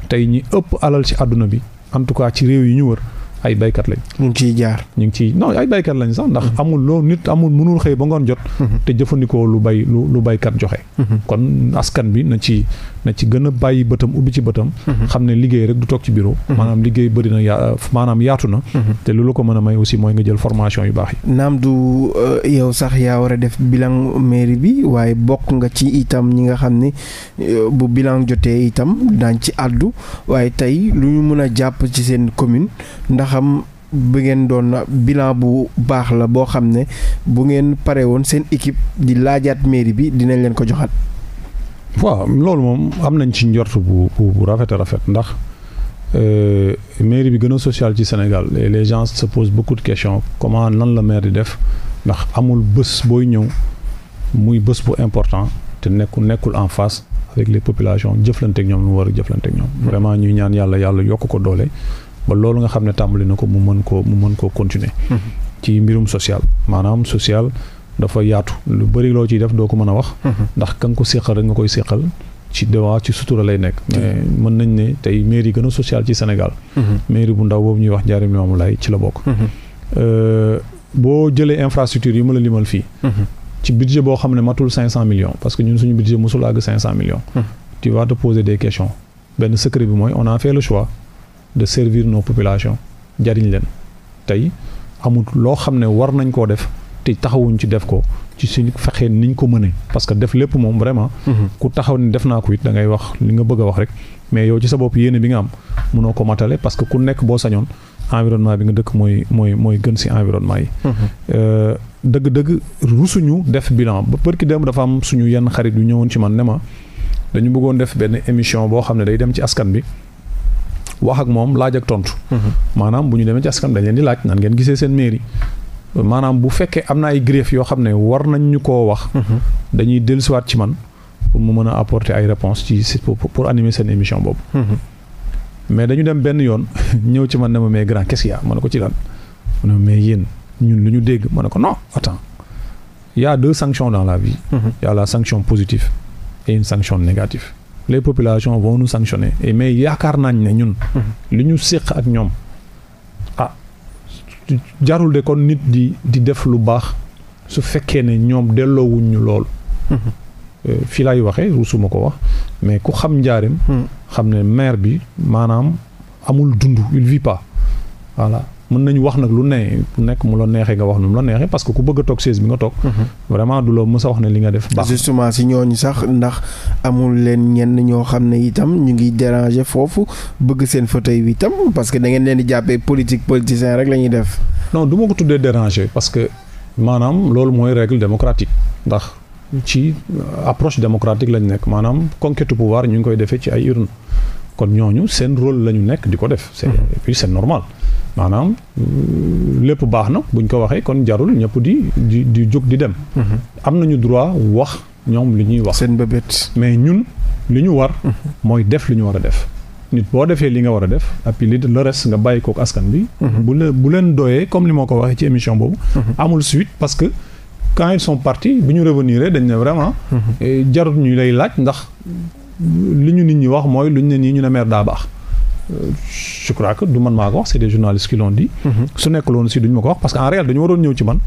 tey ñi ëpp alal ci àdduna bi en tout cas ci réew yi ñu wër ay baykat lañ. ñu ngi ciy jaar ñu ngi ciy ay baykat lañ sax ndax mhm. amul loo nit amul mënul xëy ba ngoon jot. Mhm. te jëfandikoo lu bay lu lu baykat joxe. Mhm. kon askan bi na ci na ci gën a bàyyi bëtam ubbi ci bëtam. xam ne liggéey rek du toog ci bureau. maanaam liggéey bëri na yaa yaatu na. te lu la ko mën a may aussi mooy nga jël formation yu baax yi. naam du euh, yow sax yaa war a def bilan mairie bi waaye bokk nga ci itam ñi nga xam ne euh, bu bilan jotee itam daañ ci àddu waaye tey lu ñu mën a jàpp ci seen commune ndax xam bu ngeen doon bilan bu baax la boo xam ne bu ngeen pare woon seen équipe di laajaat mairie bi dinañ leen ko joxaat. waaw loolu moom am nañ ci njort bu bu rafet a rafet ndax euh, mairie bi gën a sociale ci Sénégal et les gens se posent beaucoup de questions comment nan la maire di def ndax amul bés booy ñëw muy bës bu important te nekkul nekkul en face avec les populations jëflanteeg ñoom lu mu war a jëflanteeg ñoom. Mm-hmm. vraiment ñuy ñaan yàlla yàlla yokk ko doole. ba loolu nga xam ne tàmbali na ko mu mën ko mu mën koo continuer mm-hmm. ci mbirum social maanaam social dafa yaatu lu bëri loo ciy def doo ko mën a wax mm-hmm. ndax ka nga ko séqal rek nga koy séqal ci dewa ci sutura lay nekk mais mën nañ ne tey mairie gën a social ci Sénégal mm-hmm. mairie bu ndaw boobu ñuy wax Ndiarème Limamoulaye ci la bokk euh, boo jëlee infrastructure yi ma la limal fii ci budget boo xam ne matul cinq cent millions parce que ñun suñu budget mosul àgg cinq cent millions tu vas te poser des questions benn secret bi de servir nos populations jariñ leen tey amul loo xam ne war nañ koo def te taxawuñ ci def ko ci suñ fexee niñ ko mënee parce que def lépp moom vraiment. Mhm. ku taxaw ni def naa ko it da ngay wax li nga bëgg a wax rek mais yow ci sa bopp yéene bi nga am mënoo ko matale parce que ku nekk boo sañoon environnement bi nga dëkk mooy mooy mooy gën si environnement yi. Mhm. Euh, dëgg-dëgg rusuñu def bilan ba përki dem dafa am suñu yenn xarit yu ñëwoon ci man ne ma dañu bëggoon def benn émission boo xam ne day dem ci askan bi. wax ak moom laaj ak tontu. Mhm. maanaam bu ñu demee ci askan leen di laaj nan ngeen gisee seen mairie. maanaam bu fekkee am na ay grief yoo xam ne war nañ ñu koo wax. Mhm. dañuy dellusiwaat ci man pour mu mën a apporter ay réponses ci pour pour animer seen émission boobu. Mhm. mais dañu dem benn yoon ñëw ci man ne ma mais grand qu'est-ce qu'il a ma ne ko ci lan ma ne mais yéen ñun lu ñu dégg ma ne ko non attends il y a deux sanctions dans la vie. il a la sanction positive et une sanction négative. les population vont nous sanctionner et mais yaakaar nañ ne ñun mhm. li ñu séq ak ñoom ah jarul de kon nit di di def lu baax su fekkee ne ñoom delloowuñ ñu loolu mhm. euh, fii lay waxee rusuma ko wax mais ku xam njaarim hmm. xam ne maire bi maanaam amul dund il vit pas voilà mën nañu wax nag lu nee ku nekk mu la neexee nga wax nu mu la neexee parce que ku bëgg a toog chaise bi nga toog. Mhm. vraiment du la mës wax ne li nga def. baax justement si ñooñu sax ndax amul leen ñenn ñoo xam ne itam ñu ngi déranger foofu bëgg seen fauteuil bi itam parce que da ngeen leen di jàppee politique politicien rek la ñuy def. non du ma ko tuddee déranger parce que maanaam loolu mooy règle démocratique ndax. ci approche démocratique lañ nekk maanaam conquête pouvoir ñu ngi koy defee ci ay urne kon ñooñu seen rôle la ñu nekk di ko def. c'est mhm. et normal. maanaam euh, lépp baax na buñ ko waxee kon jarul ñëpp di di di jóg di dem. Mhm. am nañu droit wax ñoom li ñuy wax. seen bébét mais ñun li ñu war. Mhm. mooy def li ñu war a def. nit boo defee li nga war a def et puis li le reste nga bàyyi kook askan bi. bu leen bu leen doyee comme li moo ko waxee ci émission boobu. amul suite parce que quand ils sont partis bi ñu revenir dañ ne vraiment. Eh, jarul ñu lay laaj ndax. li ñu nit ñi wax mooy lu ñu ne nii ñu ne maire daa baax euh, je que du man maa ko wax c'est des journalistes qui l'ont dit mm-hmm. su nekk loonu si duñu ma ko wax parce que en réel dañu waroon ñëw ci man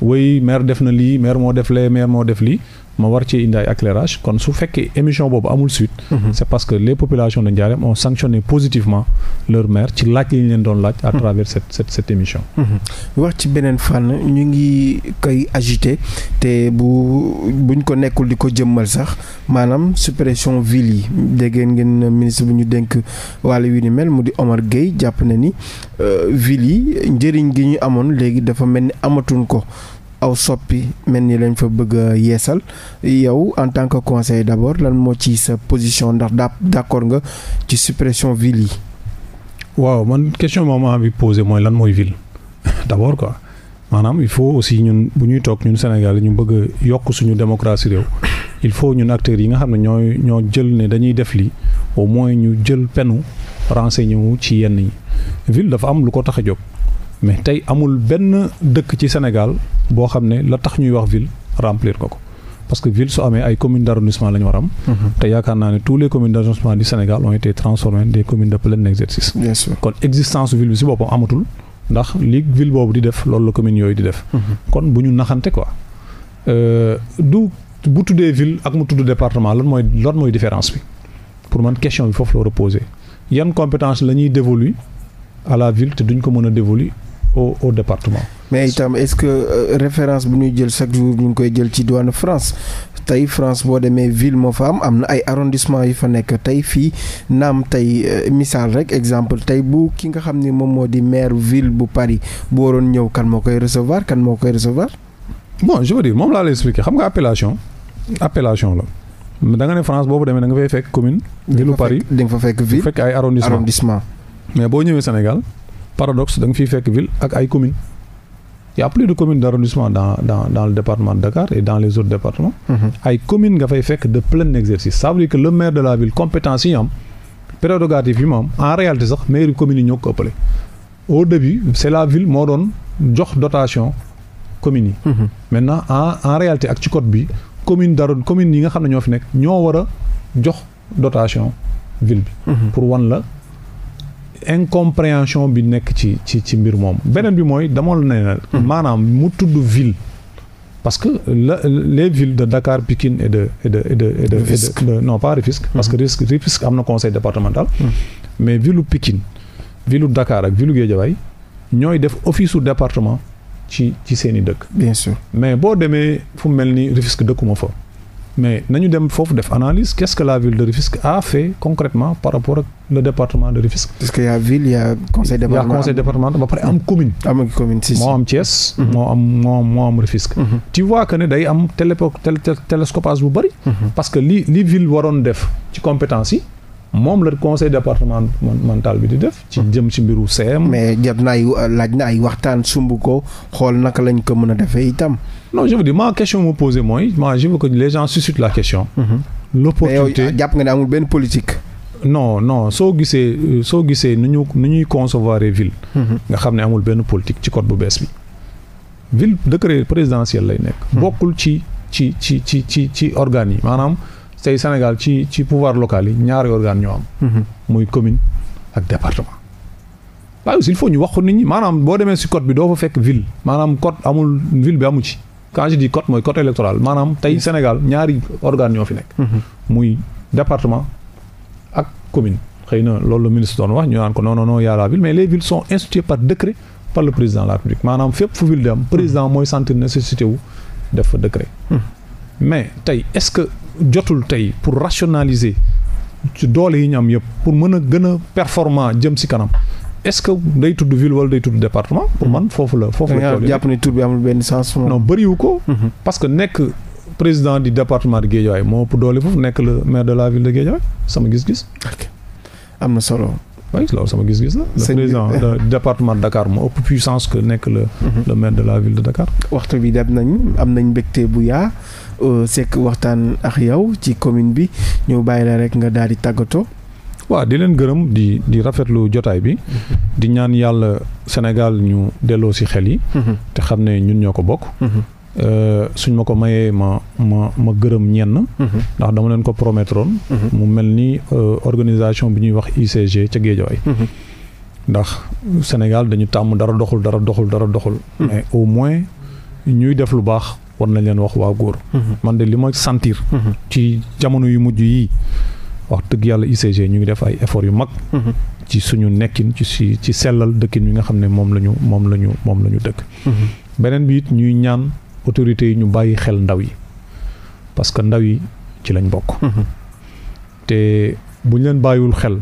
way mm-hmm. maire def na lii maire moo def lee maire moo def lii ma war ci indi ay éclairage kon su fekkee émission boobu amul suite. Mhm. c' parce que les populations de Ndiarème on sanctionné positivement leur maire ci laaj yi leen doon laaj. à mhm. travers cette cette cette mhm. wax ci beneen fànn ñu ngi koy agité te bu buñ ko nekkul di ko jëmmal sax maanaam suppression ville yi dégg ngeen ministre bu ñu dénk wàllu wi ni mel mu di Omar Gueye jàpp na ni euh, ville yi njëriñ gi ñu amoon léegi dafa mel ni amatuñ ko. aw soppi mel ni lañ fa bëgg yeesal yow en tant que conseil d'abord lan moo ci sa position ndax daa d'accord nga ci suppression ville yi. waaw man question moom ma bi posé mooy lan mooy ville d'abord ko maanaam il faut aussi ñun bu ñuy toog ñun Sénégal ñu bëgg yokk suñu démocratie réew il faut ñun acteurs yi nga xam ne ñooy ñoo jël ne dañuy def lii au moins ñu jël penu renseigné wu ci yenn yi ville dafa am lu ko tax a jóg. mais tey amul benn dëkk ci Sénégal boo xam ne la tax ñuy wax ville remplir ko ko parce que ville su amee ay commune d' arrondissement la ñu war am. Mhm. te yaakaar naa ne tous les communes d' arrondissement du Sénégal ont été transformées des communes de plein exercice. kon existence ndax li ville boobu di def loolu la communes yooyu di def. Mhm. kon bu ñu naxante quoi euh, du bu tuddee ville ak mu tudd département lan mooy lan mooy différence bi pour man question bi foofu la war yan compétence la ñuy dévolu à la ville te duñ ko mën a dévolu au, au département. mais itam est-ce que euh, référence bu ñuy jël chaque jour ñu ngi koy jël ci douane France tey France boo demee ville moo fa am am na ay arrondissement yu fa nekk tey fii naam tey euh, misaal rek exemple tey bu ki nga xam ni moom moo di maire ville bu Paris bu waroon ñëw kan moo koy recevoir kan moo koy recevoir. bon je veux dire moom laa lay expliquer xam nga appellation appellation la. da nga ne France boobu demee da nga fay fekk commune. di lu Paris di nga fekk ville fekk ay mais boo ñëwee Sénégal. paradoxe da nga fiy fekk ville ak ay communes y' a plus de communes d' dans dans dans le département de Dakar et dans les autres départements. Mhm. ay communes nga fay fekk de plein exercice. ça veut que le maire de la ville compétence yi am prérogative yi am en réalité sax maire yu communes yi ñoo ko ëppale. au début c' est la ville moo doon jox dotation communes yi. Mhm. maintenant en en réalité ak ci code bi commune d' arrondissement yi nga xam ne ñoo fi nekk ñoo a jox dotation incompréhension bi nekk ci ci ci mbir moom beneen bi mooy dama ne na hmm. maanaam mu tudd ville parce que la les villes de Dakar Pikine et de et de de et de, pas Rufisque parce que hmm. Rufisque Rufisque am na conseil départemental hmm. mais ville u Pikine ville u ak ville u ñooy def office u département ci ci seen i dëkk bien sûr mais boo demee fu mel ni Rufisque dëkkuma fa mais nañu dem foofu def analyse qu'est-ce que la ville de Rufisque a fait concrètement par rapport ak le département de Rufisque. parce que y a ville y a conseil départemental y a ba pare am mm-hmm. am commune moo am Thiès. Mm-hmm. moo am moo am moo am Rufisque. Mm-hmm. ne day am télé télé télescopage bu bëri. parce que li li ville waroon def ci compétence yi. moom la conseil départemental bi di def. ci jëm ci mbiru CM. mais jot na ay laaj na ay waxtaan sumb ko xool naka lañ ko mën a defee itam. non je veux dire ma question me posée mooy ma je veux la question. Mhm. l'opportunité jàpp nga ne amul benn politique. non non soo gisee soo gisee nu ñu nu ñuy concevoir ville. Mhm. nga xam ne amul benn politique ci code bu bees bi. ville décret présidentiel lay nekk. Mhm. bokkul ci ci ci ci ci ci organes yi maanaam. tey Sénégal ci ci pouvoir local yi ñaari organe ñoo am. Mhm. muy commune ak département. waaye aussi il faut ñu wax nit ñi maanaam boo demee si code bi doo fa fekk ville maanaam code amul ville bi amu ci quand je dis code mooy maanaam tey mhm. Sénégal ñaari organe ñoo fi nekk. Mhm. muy département ak commune. xëy na loolu ministre doon wax ñu naan ko non non non a la ville mais les villes sont instituées par décret par le président de la République maanaam fépp fu jotul tey pour rationaliser ci doole yi ñu am yëpp pour mën a gën a performant jëm si kanam est-ce que day tudd ville wala day tudd département pour man foofu la foofu la jàpp ne tur bi amul benn sens non bëriwu ko mhm. parce que nekk président du département de Guédiawaye moo doole foofu nekk le maire de la ville de sama gis-gis am na solo oui loolu sama gis-gis la. président du département de Dakar moo ëpp puissance que nekk la mhm. le maire de la ville de Dakar. waxtu bi dem nañ am nañ mbégte bu yaa Euh, sekk waxtaan ak yow ci commune bi ñu bàyyi la rek nga daal di tàggatoo. waaw di leen gërëm di di rafetlu jotaay bi. di ñaan yàlla Sénégal ñu delloo si xel yi. Mhm. te xam ne ñun ñoo ko bokk. Mhm. Euh, suñ ma ko mayee ma ma ma gërëm ñenn. Mhm. ndax dama leen ko promettroon. mu mel ni euh, organisation bi ñuy wax ICG ca Géejawaay. ndax Sénégal dañu tàmm dara doxul dara doxul dara doxul. mais au moins ñuy def lu baax. war nañ leen wax waa góor. Mhm. man de li ma sentir. Mhm. ci jamono yu mujj yi wax dëgg yàlla UCG ñu ngi def ay efforts yu mag. Mhm. ci suñu nekkin ci ci sellal dëkkin yi nga xam ne moom la ñu moom la ñu moom la ñu dëkk. beneen biit ñuy ñaan autorités yi ñu bàyyi xel ndaw yi parce que ndaw yi ci lañ bokk. te buñ leen bàyyiwul xel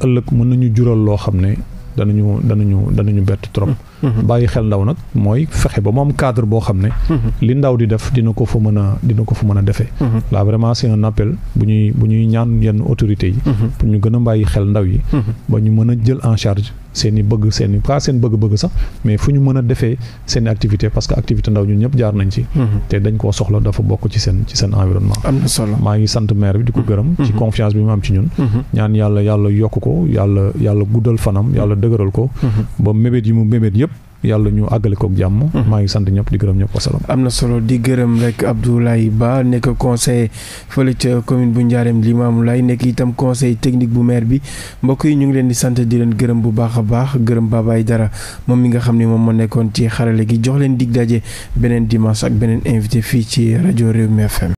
ëllëg mën nañu jural loo xam ne. danañu danañu danañu bett trop. Mm-hmm. bàyyi xel ndaw nag mooy fexe ba moom cadre boo xam ne. Mm-hmm. li ndaw di def dina ko fa mën a dina ko fa mën a defee. Mm-hmm. vraiment c'est un appel bu ñuy bu ñuy ñaan yenn autorités yi. pour ñu gën a xel ndaw yi. ba ñu mën a jël en seen i bëgg seen i seen bëgg-bëgg sax mais fu ñu mën a defee seen activité parce activité ndaw ñun ñëpp jaar nañ ci mhm. te dañ koo soxla dafa bokk ci seen ci seen environnement am na solo maa ngi sant maire bi di ko mhm. gërëm ci mhm. confiance bi mu am ci ñun ñaan yàlla yàlla yokk ko yàlla yàlla guddal fanam yàlla dëgëral ko ba mébét yi mu mébét yëpp yàlla ñu àggale kook jàmm. Mhm. maa ngi sant ñëpp di gërëm ñëpp solo am na solo di gërëm rek Abdoulaye Ba nekk conseil fële ca commune bu Ndiarème Limamoulaye nekk itam conseil technique bu maire bi mbokk yi ñu ngi leen di sant di leen gërëm bu baax a baax gërëm Babaye Dara moom mi nga xam ne moom moo nekkoon ci xarale gi jox leen dig daje beneen dimanche ak beneen invité fii ci rajo Rewmi FM.